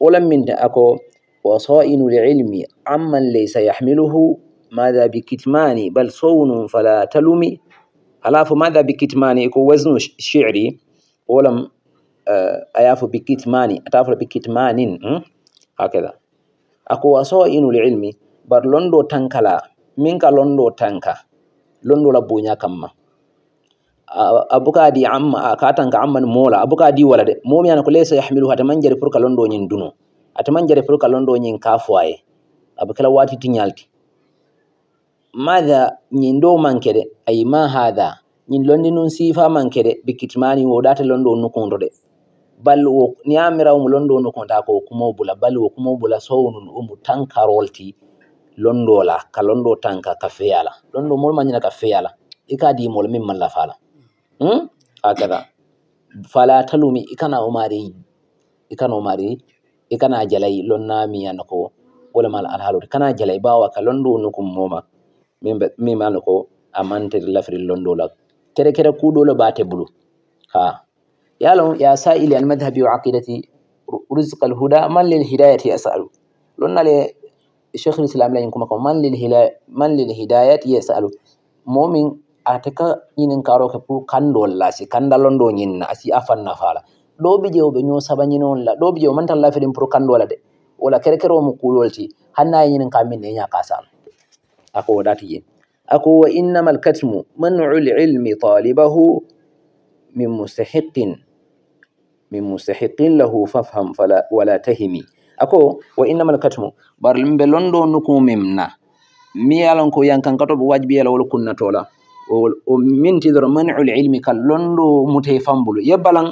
ولم من أكو وصائن العلم عمن ليس يحمله ماذا بكتمان بل صون فلا تلم alafo mada bikitmani ko wasnu shiri wolam uh, ayafo bikitmani atafo bikitmanin hmm? hakeha ako wasoinu lilmi bar londo tankala minka londo tanka londo labboña kamma abukadi amma ka tanka amman mola abukadi walade momiana ko leysa yahmilu hatemanjari pour ka londoñin duno ataman jare fro ka londo ñin ka foye aba kala wati tiñalti maha ñin ɗo mankede ayi ma hada ñin londi nun sifa mankede bikkitimani woɗata londo nukunroɗe bal niyamirawmo londo nukotako kumo bula bal wo kumo bula sownun omu tanka rolti londola ka londo tanka ka feyala londo mol mañina ka feyala ika dimol min malla fala hmm? akada fala talumi ikana omari ikana omari e kana jalai lonnamiyana ko wolemal alhalore kana jalai bawa ka londo nokum moma mimana ko a mantere lafri londola kere kere kuɗolo bate bulu ha yalo ya sa'ili an madhhabi wa aqidati rizqal huda man lil hidayati yasalu lonnale sheikh islam lañ kuma ko man lil hidayati man lil hidayati yasalu momin ateka yinin karoke pu kandol lasi kandalondo nyinna asi afanna fala ɗo ɓe jee o ɓe nyoosaba nyine on la ɗo ɓe jee o manta la fiɗin pour kanndu wala de wala kerekere o mo kuulolti hanna yi nyinin kam min ne nyaaka sal ako o ɗaati yin ako wa innama al katmu man'u l ilmi talibahu min mustahiqin min mustahiqin lahu fafham wala tahimi ako wa innama al katmu bar mbe londo nukumim na mi yalon ko yan kan kato ɓe wajbi yala wol kunnatola o min tidoro man'u l ilmi kal londo mutee fambulu yebbalan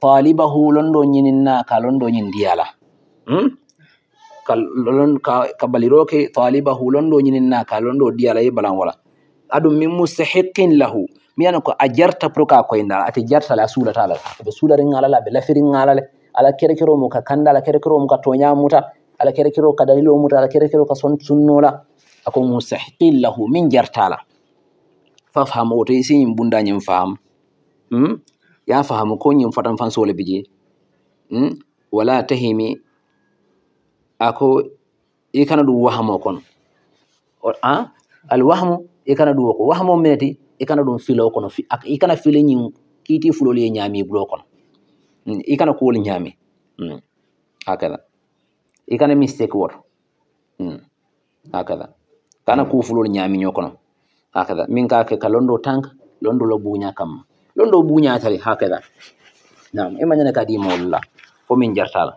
paliba hu londo nyininna ka londo nyin ndiyala hmm? ka, ka, ka baliroke paliba hu londo nyininna ka londo ndiyala ye balan wala aɗum min mustahiqin lahu miyana ko a jarta pour ka koyendal ate jartala a suulatala ɓe suularingalala ɓe lafiringalale ala kerekero mum ka kanda ala kerekero mum ka toña muta ala kerekero ka dalilo muta ala kerekero ka son sunnola ako mustahiqin lahu min jartala fafham oto isiyin bundañin faham hmm? ya fahamu ko yim fatan fan sole biji hmm? wala tahimi ako i kana ɗum wahamo kon alwahmu i kana ɗum woko wahmo minati i kana ɗum filo kono i kana fili yim kiti fulol ye ñami bulo kono hmm? i kana kuwol ñami hmm? hakada i kana mistake woto hmm? hakada kana hmm. kuu fulol ñamiño kono hakada min kake ka londo tanka londo lo buña kamma لون دو بونيا تري هكذا نعم إما جنا كاديم ولا فمن جرتالا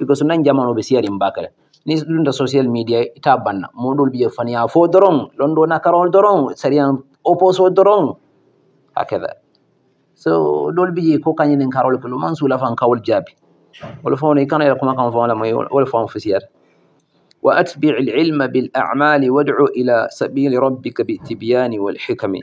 because nan jamano be siyari mbakala ni lunda social media ita banna modol biye fania fo doron londo na karol doron sariyan oposo doron hakada so dol biye ko kanyen en karol ko man sula fan kawol jabi wala fa woni kana kuma kan fa la moy wala fa fa siyar wa atbi' al-ilma bil a'mali wad'u ila sabil rabbika bi tibyani wal hikami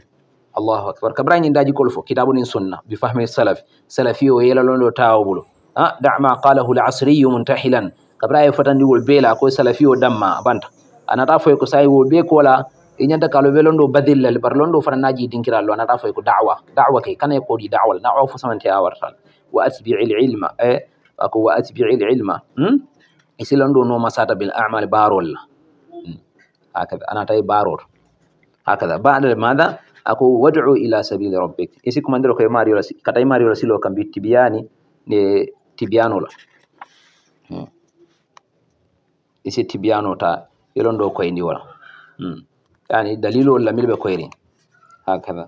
allahu akbar ka brañindaji kol fo kitabunin sunna bi fahme salafi salafi o yelalonɗo tawabulo a dama qalahu lasriyu muntahilan ka bra e fotandi wol beela koye salafi o damma banta anata foye ko sawi wol ɓe koola e ñanta kalo welonɗo badillal bar lonɗo fotanaji dinkirallo anata foye ko dawa dawa ke kana e koɗi dawal na o fo samante awartal wa atbii lilma e ako wa atbii lilma hmm? e silonɗo noma sata bil amal barolla hakada hmm. anata e barot hakada baɗa maha ako wad'u ila sabili rabbik isi kumandiro koye mari yola kata mari maari yola silo kambi tibiani ne tibiano la hmm. isi tibiano ta yolon ko indi wala hmm. yani dalilol milbe ko yiri hakada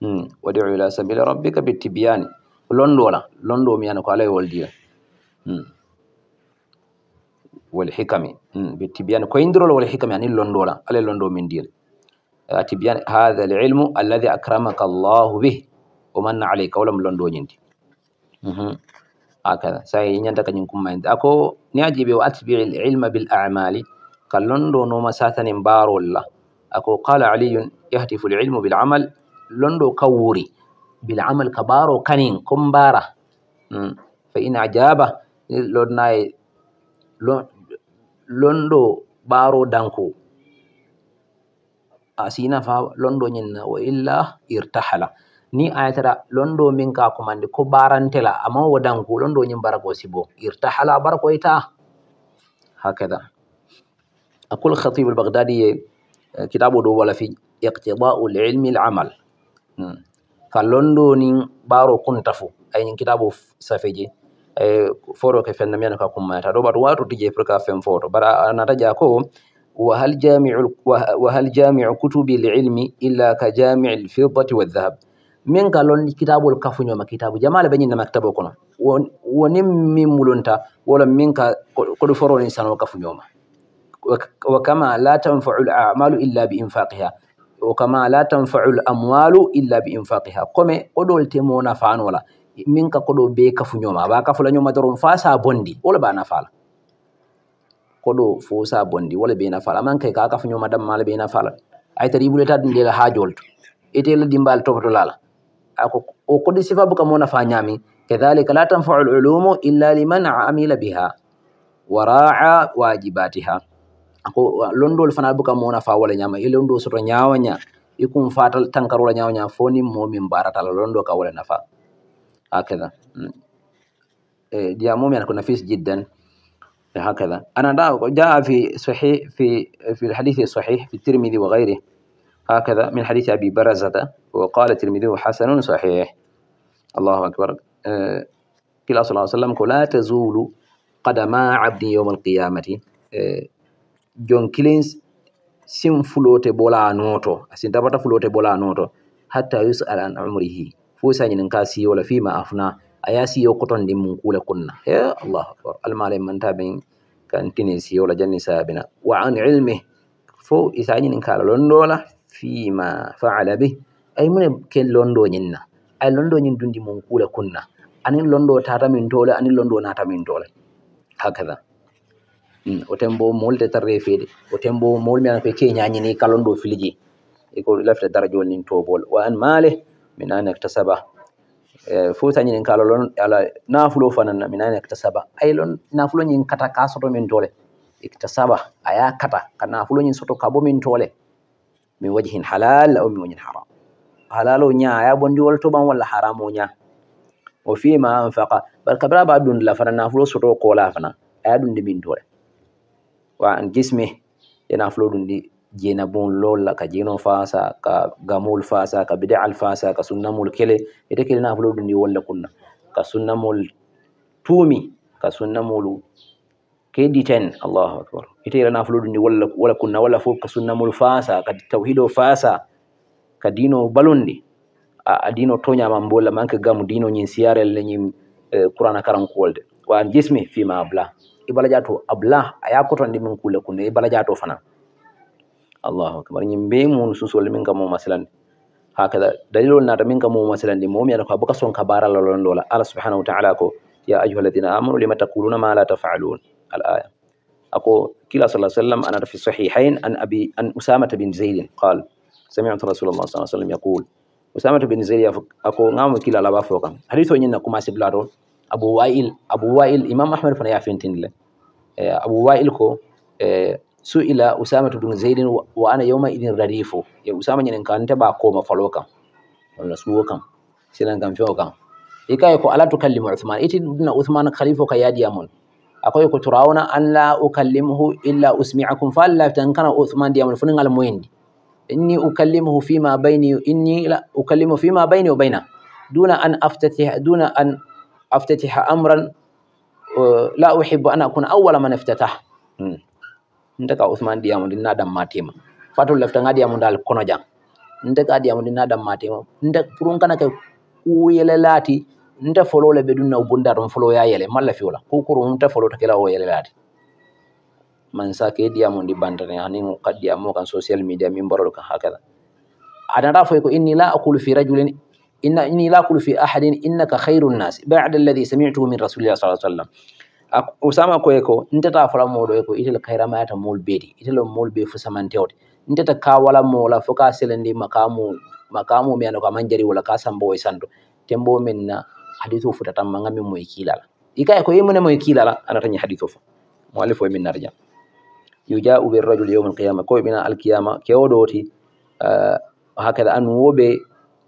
hmm. wadu ila sabili rabbika bi tibiyani londo wala londo miyana ko alay woldi hmm. wal hikami hmm. bi ko indiro wal hikami ani londola alay londo min dira تبيان هذا العلم الذي أكرمك الله به ومن عليك ولا ملون دونينتي هكذا ساي ينتك كنين مايند اكو نياجي واتبع العلم بالاعمال كلون دونو مساتن بار الله اكو قال علي يهتف العلم بالعمل لندو كوري بالعمل كبارو كنين كمبارة فإن عجابه لون لندو بارو دانكو asinafa londo nyenna wa illa irtahala ni ayatara londo min ka komande ko barantela amma wadanku londo nyen barako sibo irtahala barako ita hakada akul khatib al-baghdadi eh, kitabu do wala fi iqtida'u al-ilmi al-amal hmm. fa londo nin baro kuntafu ay nin kitabu safeje e foro ke fenna miyana ka kumma ta do bat watu tije pour ka fem foto bara anata ja ko wahal jami'u kutubi lilmi illa ka jami'i lfidati waldahab min kalon kitabol kafuñoma kitabu jamala beñinnama kitabo kono wonin min mulunta wala min ka koɗo forono sano kafuñoma wa kama la tanfau lamalu illa bi infaqiha wa kama la tanfau lamwalu illa bi infaqiha kome koɗol temo nafanola min ka koɗo be kafuñoma ba kafulañoma doron fa sa bondi wala ba nafala ko ɗo fosa bondi wala be nafal amman kai kaka fu nyoma dam mala be nafal ay tari bulata dum dela ha jolto ite la dimbal to to lala ako o kodi sifa buka mona fa nyami kadhalika la tanfa'u al-ulumu illa liman amila biha wa ra'a wajibatiha ako londo fana buka mona fa wala nyama ile londo soto nyawanya ikum fatal tankaro la nyawanya foni momin barata la londo ka wala nafa akeda mm. e eh, diamo mi anako nafis jiddan هكذا أنا جاء في صحيح في في الحديث الصحيح في الترمذي وغيره هكذا من حديث أبي برزة وقال الترمذي حسن صحيح الله أكبر آه، قال صلى الله عليه وسلم لا تزول قدما عبد يوم القيامة آه، جون كيلينز sin فلوت بولا نوتو سين tabata fulote bola noto يسأل yus'al an umrihi fo ولا nyin kasi aya siyo koton ndi mum kuule kunna e allahu akbar almalen manta ɓen kantini siyola janni saabina wa an ilmi fo isañini kala londola fima faala be ay mune ke londoñinna ay londoñin dundi mum kuule kunna anin londo tatamin tole anin londo natamin tole hakada mm, o tembo molde tarre feede o tembo mol mi anape keñañini kalondo filiji eko lafta darajol nin tobol wa an male minane tasaba E, fotañinin kala lon ala nafulo fanana mi nani ekta saba ay lon nafuloñin kata ka soto min tole ekta saba aya kata ka nafuloñin soto ka bo min tole min waji hin halal o mi wajin haram halal o ña aya bondiwol toɓan walla haram o ña o fima anfaka bar kabra ba dundila fana nafulo soto kola fana aya ɗundi min tole wa an gisme e nafulo ɗundi jeenabun lolla ka jeenoo faasa ka gamol faasa ka bidacal faasa ka sunnamol kele ite kele nafulodu ndi wolla kunna ka sunnamol tuumi ka sunnamol kedi ten allahu akbar ite ila nafulodu ndi wola kunna walla fof ka sunnamol faasa kadi tawhido faasa ka dino balonde a dino toñama mbolla manke gamu dino ñin siyarel leñin eh, qurana karankuwolde wa an jismi fima abla ibala abla aya kotonde min kuule kunna ibala fana allahu akbar ñin be mun susol min ka mo hakada dalilol nata min ka mo masilande momi ata ko a buka son ka barala lon dola allah subhanahu wa taala ko ya ayuha alladina amanu lima taquluna ma la tafalun al aya ako kila sa sallam anata fi sahihain an abi an usamata bin zaidin qal samitu rasulallah sa sallam yaqul usamata bin zaid ako ngamo kila laba fo kam hadith o ñinna commencé bulato abu wail abu wail imam ahmad fana yafintindile eh, abu wail ko eh, su ila usama tudun zaidin wa ana yawma idin radifu ya usama nyen kan ta ba ko ma falo kan wala su kan sinan kan fiyo kan ikai ko alatu tukallimu usman iti duna usman khalifu ka yadi amun akwai ku turawuna an la ukallimuhu illa usmi'akum fa la tankana usman diamun funin almuindi inni ukallimuhu ma baini inni la ukallimu ma baini wa baina duna an aftatih duna an aftatih amran uh, la uhibbu an akuna awwala man iftatah hmm. nteka ousmane diamond nna dam matima fatul leftanga diamond al kono jang diamond nna dam matima nte pour kana ke kuyele lati nte le bedun na bunda ron folo ya yele malla fiola ko kuro nte folo takela o yele lati man sake diamond bandane hani kaddi amo kan social media min borol kan hakala adana foy ko inni la aqulu fi rajulin inna inni la aqulu fi ahadin innaka khairun nas ba'da alladhi sami'tuhu min rasulillahi sallallahu alaihi wasallam usama koye ko intata e fola moɗo e ko itel kayramayata mol beeti itel mol be fu samantewde intata ka wala mola fo ka selendi makamu makamu mi ano ko aman jari wala ka sambo e sando tembo minna hadithu futa tan ma gamin e moye kilala ikaye ko yimune moye kilala anatañi hadithu fo mo alifo e min narjam yujau be rajul yaum alqiyama koye ɓina alqiyama kewoɗoti eh, hakada an woɓe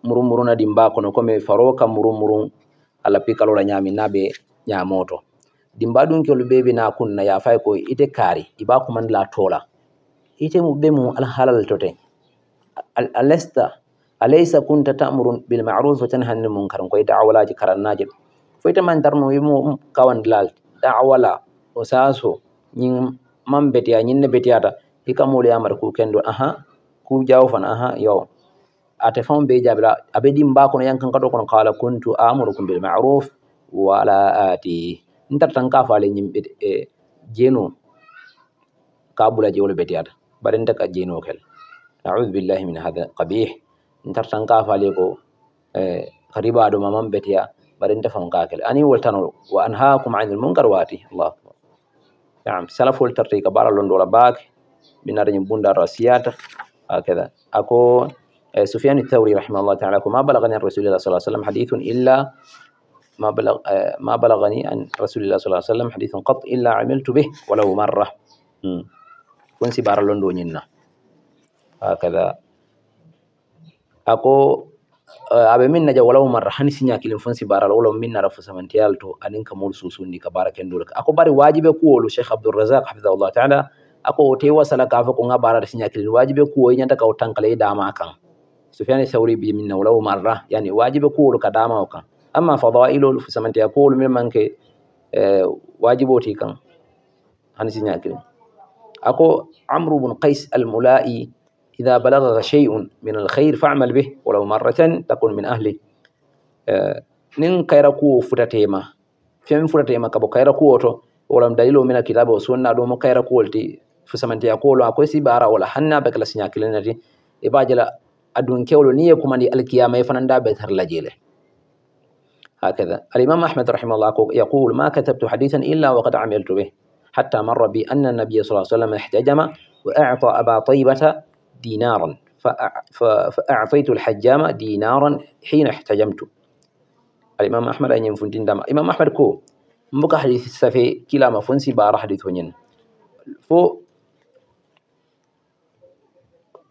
murumuruna ɗi mbakono komi faro kam murumurum allah pikalola ñami naɓe ñamoto dimba ɗum kelu bebi na kun na yafai ko ite kari iba kuman la tola ite mu be mu al halal tote alesta alaysa kunta ta'murun bil ma'ruf wa tanha 'anil munkar ko ita awlaji karannaje foita man darno wi mu kawan dilal da'awala o saso nyin man betiya nyin ne betiyata hika mo ya mar ku kendo aha ku jawfan aha yo ate fam be jabira abedi mbako no yankan kado kono kala kuntu amuru kum bil ma'ruf wala ati ntar tan ka faale nyimbe e jeno ka bula wol betiyata bare nta ka jeno kel a'udhu billahi min hadha qabih ntar tan ka faale ko e khariba do mamam betiya bare nta fam ka kel ani wol tanol wa anhaakum 'anil munkar wati allah akbar نعم سلف الترتيك بارا لندولا باك بنار بندار راسيات هكذا أكو سفيان الثوري رحمه الله تعالى ما بلغني الرسول صلى الله عليه وسلم حديث إلا ما بلغ ما بلغني عن رسول الله صلى الله عليه وسلم حديث قط الا عملت به ولو مرة كونسي بار لندو نينا هكذا اكو aɓe min naja walaw marra hani siñakilin fonsi baral walaw min nara fo samantiyal anin ka mol susunni ka bara kendol ka ako bari wajibe kuwolu cheikh abdourrazak hafidahullah taala ako o tewa ka fo ko ga barata siñakilin wajibe kuwo ñanta ka o dama kan sofiane sawri bi minna walaw marra yani wajibe kuwolu ka dama kan amma fadailol samantiya pool min manke eh, wajiboti kan hani siñakiri ako amru bne kays almulai ida balagaka cheyun min alhayr famal be walaw maratan takun min ahli eh, nin kayra kuwo futatema fen futatema kabo kayra kuwo to walam dalilo min alkitabe o sunna ɗo mo kayra kuwolti fusamantiya kuwolo akoy si ɓara wala hanna bekala siñakilinati e ɓajala adunkewolo ni ye kumandi alkiyama e fananda ɓe tar lajele هكذا الإمام أحمد رحمه الله يقول ما كتبت حديثا إلا وقد عملت به حتى مر بي أن النبي صلى الله عليه وسلم احتجم وأعطى أبا طيبة دينارا فأعطيت الحجام دينارا حين احتجمت الإمام أحمد أن ينفن دندما الإمام أحمد كو مبقى حديث السفي كلا ما فنسي بار حديث ونين فو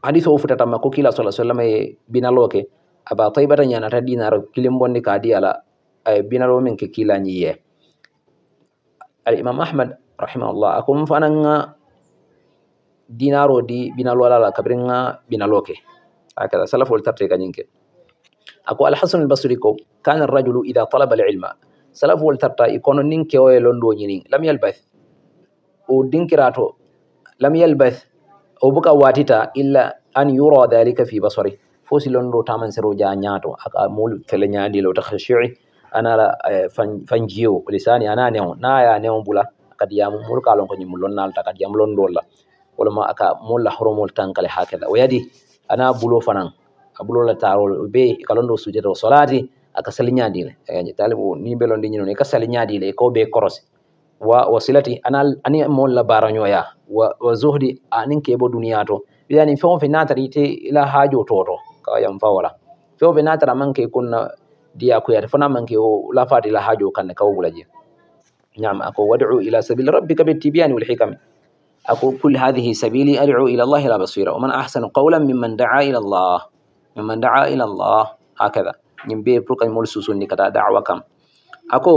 حديث أوفتا تما كو كلا صلى الله عليه وسلم بنا لوكي أبا طيبة يانا تدينار كلمبون كادي على binaro min kekilañiye al imam ahmad rahimahullah akum fananga dinaro di binalolala kabirga binaloke hakada salafol tarte kañinke ako alhasan albasri ko kana arrajulu ida talaba alilma salafol tarta ikono nin kewoye londoñini lam yalbath o dinkirato lam yalbath o buka watita illa an yura dhalika fi basari fosi londo tamanseroja ñato aka mol feleñadilota khashiri ana la eh, fan jiyo lisani ana newo na ya newo bula kadi ya mul ka lon ko nyimul lon nalta kadi yam lon dolla wala ma aka mul horomol tankale hakada wayadi ana bulo fanan abulo la tarol be kalondo sujeto salati aka salinyadile e talibu ni belondi nyino ne ka salinyadile ko be korosi wa wasilati ana ani mol la baranyoya wa, wa zuhdi anin kebo duniya yani fon fe natari te ila hajo toto ka yam fawala fon fe natara man kunna diya ko yata fana manke o lafati la hajo kanne kawo wulaje نعم أكو وادعو إلى سبيل ربك بالتبيان والحكم أقول كل هذه سبيلي أدعو إلى الله لا بصيرة ومن أحسن قولا ممن دعا إلى الله ممن دعا إلى الله هكذا ينبي بروك الملسوس نكتا دعوة كم أكو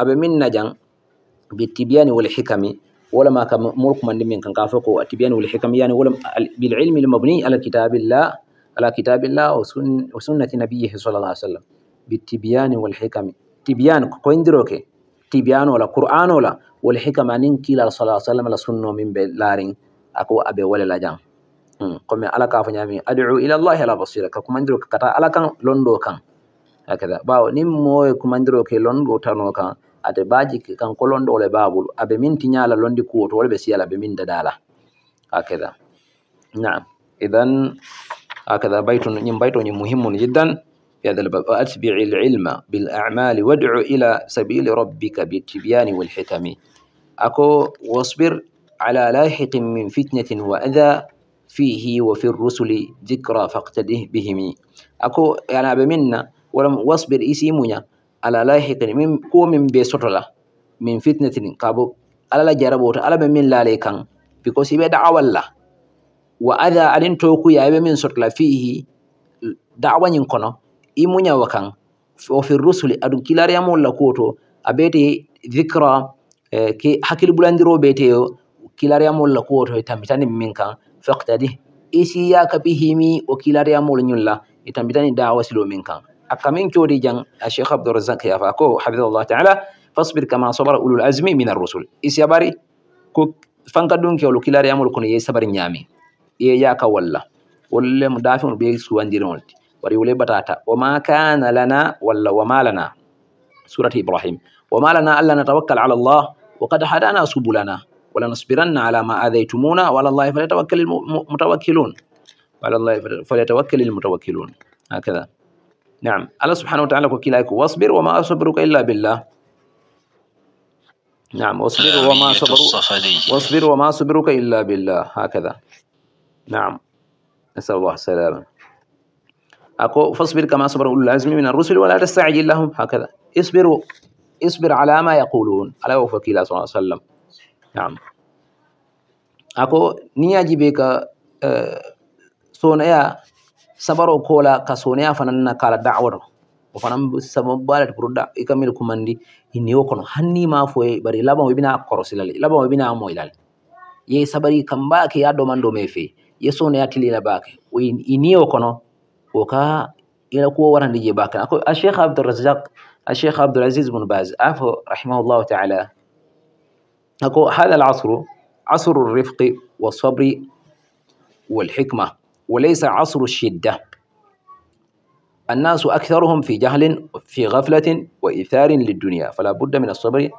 أبي من نجن بالتبيان والحكم ولا ما كم مرك من من كان كافقو التبيان والحكم يعني ولا بالعلم المبني على كتاب الله على كتاب الله وسنة نبيه صلى الله عليه وسلم bitibiyani wal hikami tibiyan ko indiroke tibiyanola qur'anola wal hikama nin kilal sala sallam la sunno min be larin ako abe wala la jam hmm. komi ala ka fo nyami ad'u ila allah ala basira ka kuma indiroke kata ala kan londo kan akada bawo nin moye kuma indiroke londo tano kan ate baji kan ko londo le babul abe min tinyala londi ko to wala be siyala be min dadala akada na'am idan akada baytun nyim baytun nyim muhimmun jiddan بهذا الباب وأتبع العلم بالأعمال وادع إلى سبيل ربك بالتبيان والحكم أكو واصبر على لاحق من فتنة وأذى فيه وفي الرسل ذكرى فاقتده بهم أكو يعني بمنا ولم واصبر إسيمنا على لاحق من كو من بيسرلا من فتنة كابو على لا جربوت على بمن لا ليكان because ibe da'awa la wa adha alin toku ya ibe min sotla fihi imunya wakan kan rusuli adun rusuli ya kilariyamol koto abete aɓeete dicra ke hakkil bulandiro ɓeeteyo kilariyamol la kuwoto e tambitanin min kan faktadi isi ya kapi himi o ya ñulla e itambitani dawa silo minka kan akka min coodi jan a cheikh abdourazak taala fasbir kama sobara ulul azmi min arrusul isi abari ko fanka ɗunkewol kilariyamol kono ye sabari nyami ye yaka walla mudafi mo dafiol ɓe suwandirinolti wari wole batata wama kana lana walla wama lana surati ibrahim wama lana alla natawakkal ala allah وقد هدانا سبلنا ولنصبرن على ما آذيتمونا وعلى الله فليتوكل المتوكلون وعلى الله فليتوكل المتوكلون هكذا نعم الله سبحانه وتعالى وكلا واصبر وما أصبرك إلا بالله نعم واصبر وما صبروا واصبر وما صبرك إلا بالله هكذا نعم نسأل الله السلامة ako fasbir kama sabara ulul azmi min arrusuli wala tastajil lahum hakada isbiru isbir ala ma yaqulun ala wafakila sa sallam nam ako niyaji be ka eh, sonaya sabaro kola ka sonaya fananna kala dawaro o fanan sababalati pour da i kamil kumandi iniwo kono hannima foye bari laban webina korosilal laban webina moylal ye sabari kam baake yaddomandome fe ye sonaya tililabaake iniwo kono وكا إلى قوة ورن لجي باكن أكو الشيخ عبد الرزاق الشيخ عبد العزيز بن باز عفو رحمه الله تعالى أكو هذا العصر عصر الرفق والصبر والحكمة وليس عصر الشدة الناس أكثرهم في جهل في غفلة وإثار للدنيا فلا بد من الصبر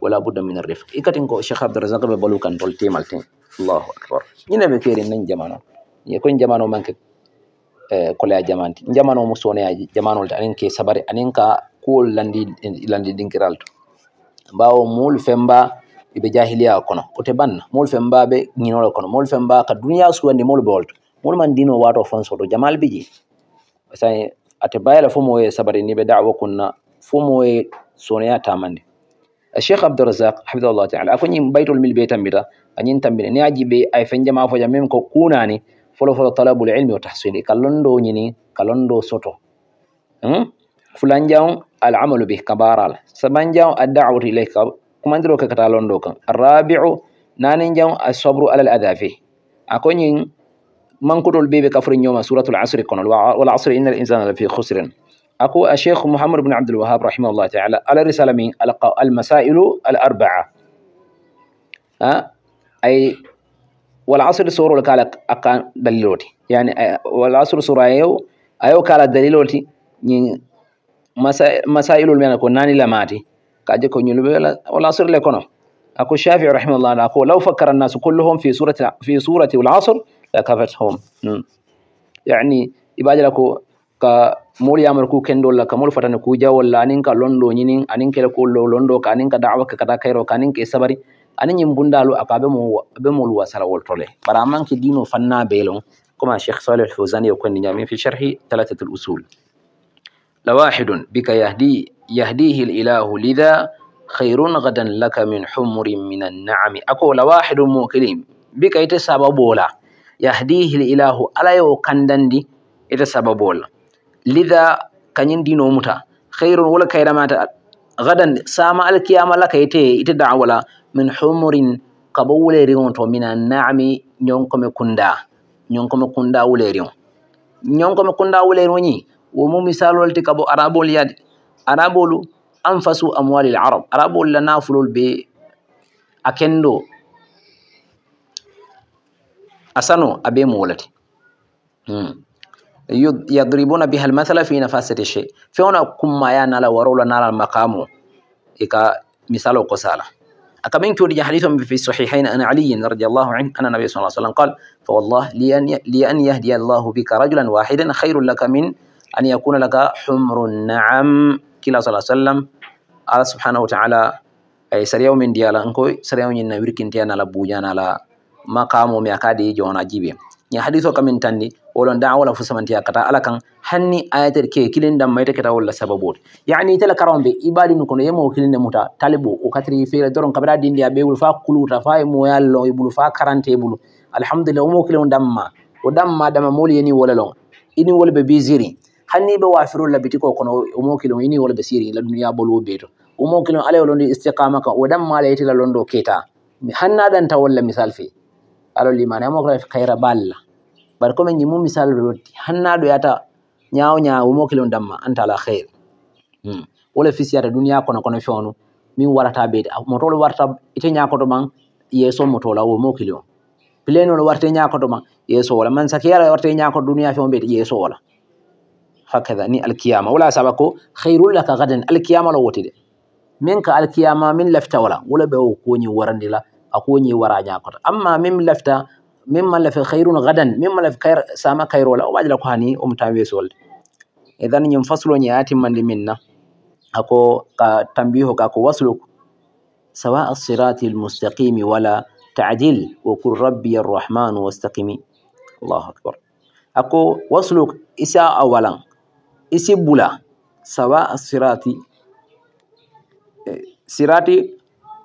ولا بد من الرفق إكتنكو الشيخ عبد الرزاق ببلوكان تولتي مالتين الله أكبر إنا بكير نين جمانو يكون جمانو منك Eh, koleya jamanti jamano mo sone aji jamano ta anen ke sabare anin ka kuwol landi landidinkiral to bawo mul femba ibe jahiliya kono te banna mul femba ɓe ñinole kono mul femba ka duniya suwandi moolu ɓe wolto moolu man dino wato fonsoto jamal biji sai ate bayala fo mo sabare ni be dawa kunna fo mo sone soneya tamande Sheikh عبد Razzaq حفظه ta'ala تعالى أكون بيت الملبيت anyin أن ينتمي ajibe ay أي فنجما فوجا ko kunani folofolo talabul ilmi wa tahsili kallondo ñini kallondo soto hmm? fulanjaw al amalu bih kabaral sabanjaw ad da'watu ilayka kumandiro ka kata londo kan rabi'u naninjaw as sabru ala al adafi akonyin mankutol bebe kafri ñoma suratul asri kono wal asri innal insana lafi khusrin أكو الشيخ محمد بن عبد الوهاب رحمه الله تعالى على رسالة من المسائل الأربعة أي wala asri sorol kala aka daliloti yani eh, wala asri sora yeo ayo kala daliloti ñi masailol mena ko nani lamati kaje ko ñu wala asri le kono ako shafi rahimahullah ala ko law fakkara nnasu kulluhum fi surati fi surati lasr lakafathum hmm. yani ibajala ko ka mol yamar ku kendolla ka mol fatana ku jawolla aninka londo ñinin aninkele kullo londo ka aninka dawa ka kata kayro ka aninka e sabari anañin bundalu aka ɓe molu wasarawol tole ɓara manke dino fanna beylon comme cheikh saleh fausani o konni ñamin fi cherhi talatat l usul lawahidun bika yahdihi l ilahu lida khayrun gadan laka min humurin min annaami ako lawahidun mo kilim bika ite sababola yahdihi l ilahu alayo kandandi ite sababola lida kañin dino muta khayrun wola kayramata gadan sama alkiyama laka ite ite dawala من حمر قبول ريون من النعم نيونكم كوندا نيونكم كوندا وليريون نيونكم كوندا وليروني ومو مثال ولتي كابو ارابول يد ارابول انفسو اموال العرب ارابول لنا فلول بي اكندو اسانو ابي مولتي هم يضربون بها المثل في نفاسة الشيء فيونا كما يانا لا ورولا نال المقام إكا مثالو قصاله كما ينتولي حديث في الصحيحين أن علي رضي الله عنه أن النبي صلى الله عليه وسلم قال فوالله لأن يهدي الله بك رجلا واحدا خير لك من أن يكون لك حمر النعم كلا صلى الله عليه وسلم على سبحانه وتعالى أي sariyaw min diyala nko sariyaw ñin na wirkinte na la buja na la maqamo mi akadi jona jibe nya haditho olon dan wala fu samanti yakkata ala kan hanni ayatel ke kilindan mayta keta wolla sababote yani tela karawonɓe ibadi nu kono yemoo kilinde muta talibo o katri feere doron kaɓeɗa dindiya ɓe ɓulu fa kuluta fa e moyallo e ɓulu fa karante ɓulu alhamdulillah omo kilio damma o damma dama moli yeni wola lon ini wolɓe bi siri hanni ɓe wafirol labiti ko kono omo kilio ini wolɓe siri laduniya ɓolwo beeto omo kilion ala yolondi istiqama kan o damma ala yetila londo keta hannaɗanta wolla misal fe alol limani hamokaa kayra ba allah bar ko men gimu misal rotti hanna ɗo yata nyawo nyawo mokilon damma antala kheir hmm. wole fis yata duniya kono kono fewnu min warata beede motolo warta ite nyakoto man yeso motola wo mokilon pilenol warte nyakoto man yeso wala man sakiyara warte nyakoto duniya fewo beede yeso wala hakaza ni alkiyama wala saba ko khairul laka gadan alkiyama lo wotide min ka alkiyama min lafta wala wala be ko ni warandila akoni wara nyakoto amma min lafta min malla fe khayrun gadan min malla fe khayr sama khayrola o wadila ko hani o mutan wesolde idan e yum faslo ni atim mande minna ako ka tambiho ka ko waslo sawa as-sirati al-mustaqim wala ta'dil wa kul rabbi ar-rahman wastaqim allah akbar ako waslo isa awalan isibula sawa as-sirati e, sirati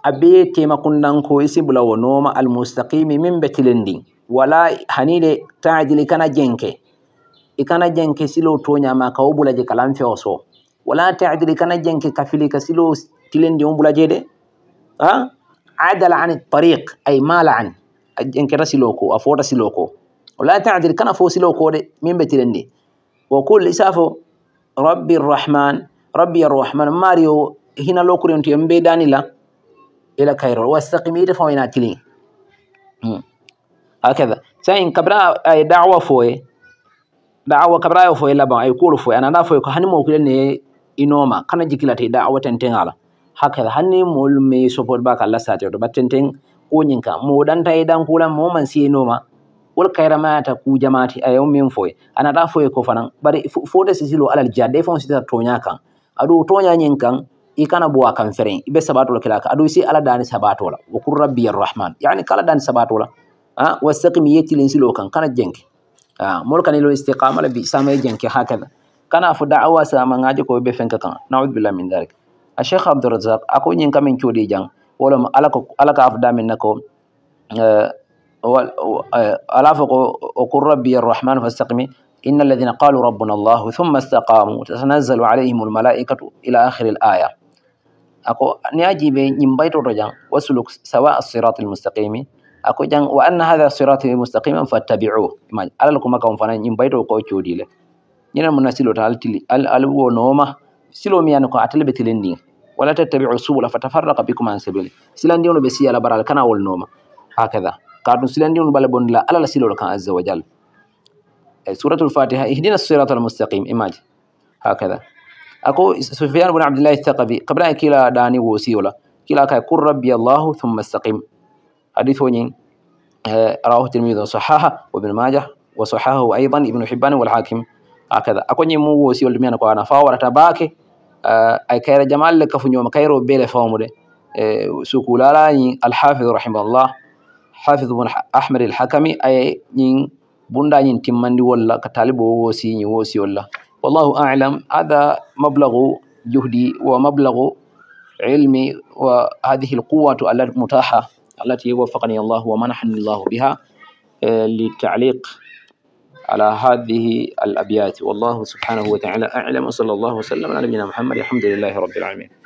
abe tema kundanko isi bula wonoma almustaqimi min be tilendi wala hanide tajili kana jenke ikana jenke silo tonyama kawo bulaje kalan feoso wala tajili kana jenke kafili ka silo tilendi on bulajede ha adala an tariq ay mala an jenke rasiloko a fota siloko wala tajili kana fo siloko de min be tilendi wa kul isafo rabbi arrahman rabbi arrahman mario hina lokuri on tiyambe danila ila kayrol wastakimi ide fawina tiling hakada sain kabra ay dawa foye dawa kabra ayo foye laban ay kuolo foye ananda foye ko hani mokile ne inoma kana jikilate dawa tenteng ala hakada hani mol me support ba kala sate do battenteng ko nyinka mo danta e dan kula mo man si inoma wol kayra mata ku jamati ayo min foye ananda foye ko fanan bare fo de sisilo alal jadde fon sita tonya kan adu tonya nyinkan ikana buwa bo a kan fereŋ i be sabato la kela ka aduŋ si alla daani sabato la wa kun rabbiya arrahman yani kala dani sabato la wastaqim ye tilin siloo kaŋ kana jenke molu kana ilo istiqama la bi sama ye jenke hakada kana fo da'awa sama ngaji ko be fenka kaŋ naud billah min dalik a sheikh cheikh abdourazak ako ñiŋ kamin coodi jaŋ wolom ala ko ala ka fo damin na ko ala fo ko wa kun rabbiya arrahman fastaqimi إن الذين قالوا ربنا الله ثم استقاموا تتنزل عليهم الملائكة إلى آخر الآية ako ni a jiɓe ñimbaytoto jang wasuluk sawa assirat almustaqimi ako jang wa anna hada sirat mustaqima fattabiu maj alal ko maka on fana ñimbayto ko coodile ñinen muna silota altili al wonooma silo miyani ko atalɓe tilen ndin wala tattabiu subula fatafarraka bikum an sabili silandi ono ɓe siyala baral kana wolnooma hakada kar ɗum silandi ono bala bondila alal silol kan azza wa jal e suratul fatiha ihdina sirat almustaqim imaj hakada أقول سفيان بن عبد الله الثقفي قبل أن كلا داني وسيولا كلا كقول ربي الله ثم استقيم حديث ونين رواه الترمذي وصححه وابن ماجه وصححه أيضا ابن حبان والحاكم هكذا أقول نين مو وسيول دمي أنا كوانا فاور تباكي أي كير جمال لك فنيو ما كيرو بيل فاومر سكولالا الحافظ رحمه الله حافظ بن أحمد الحكمي أي نين بندا نين تمندي ولا كتالبو وسي نيو وسي ولا والله أعلم هذا مبلغ جهدي ومبلغ علمي وهذه القوة المتاحة التي وفقني الله ومنحني الله بها آه، للتعليق على هذه الأبيات والله سبحانه وتعالى أعلم وصلى الله وسلم على نبينا محمد الحمد لله رب العالمين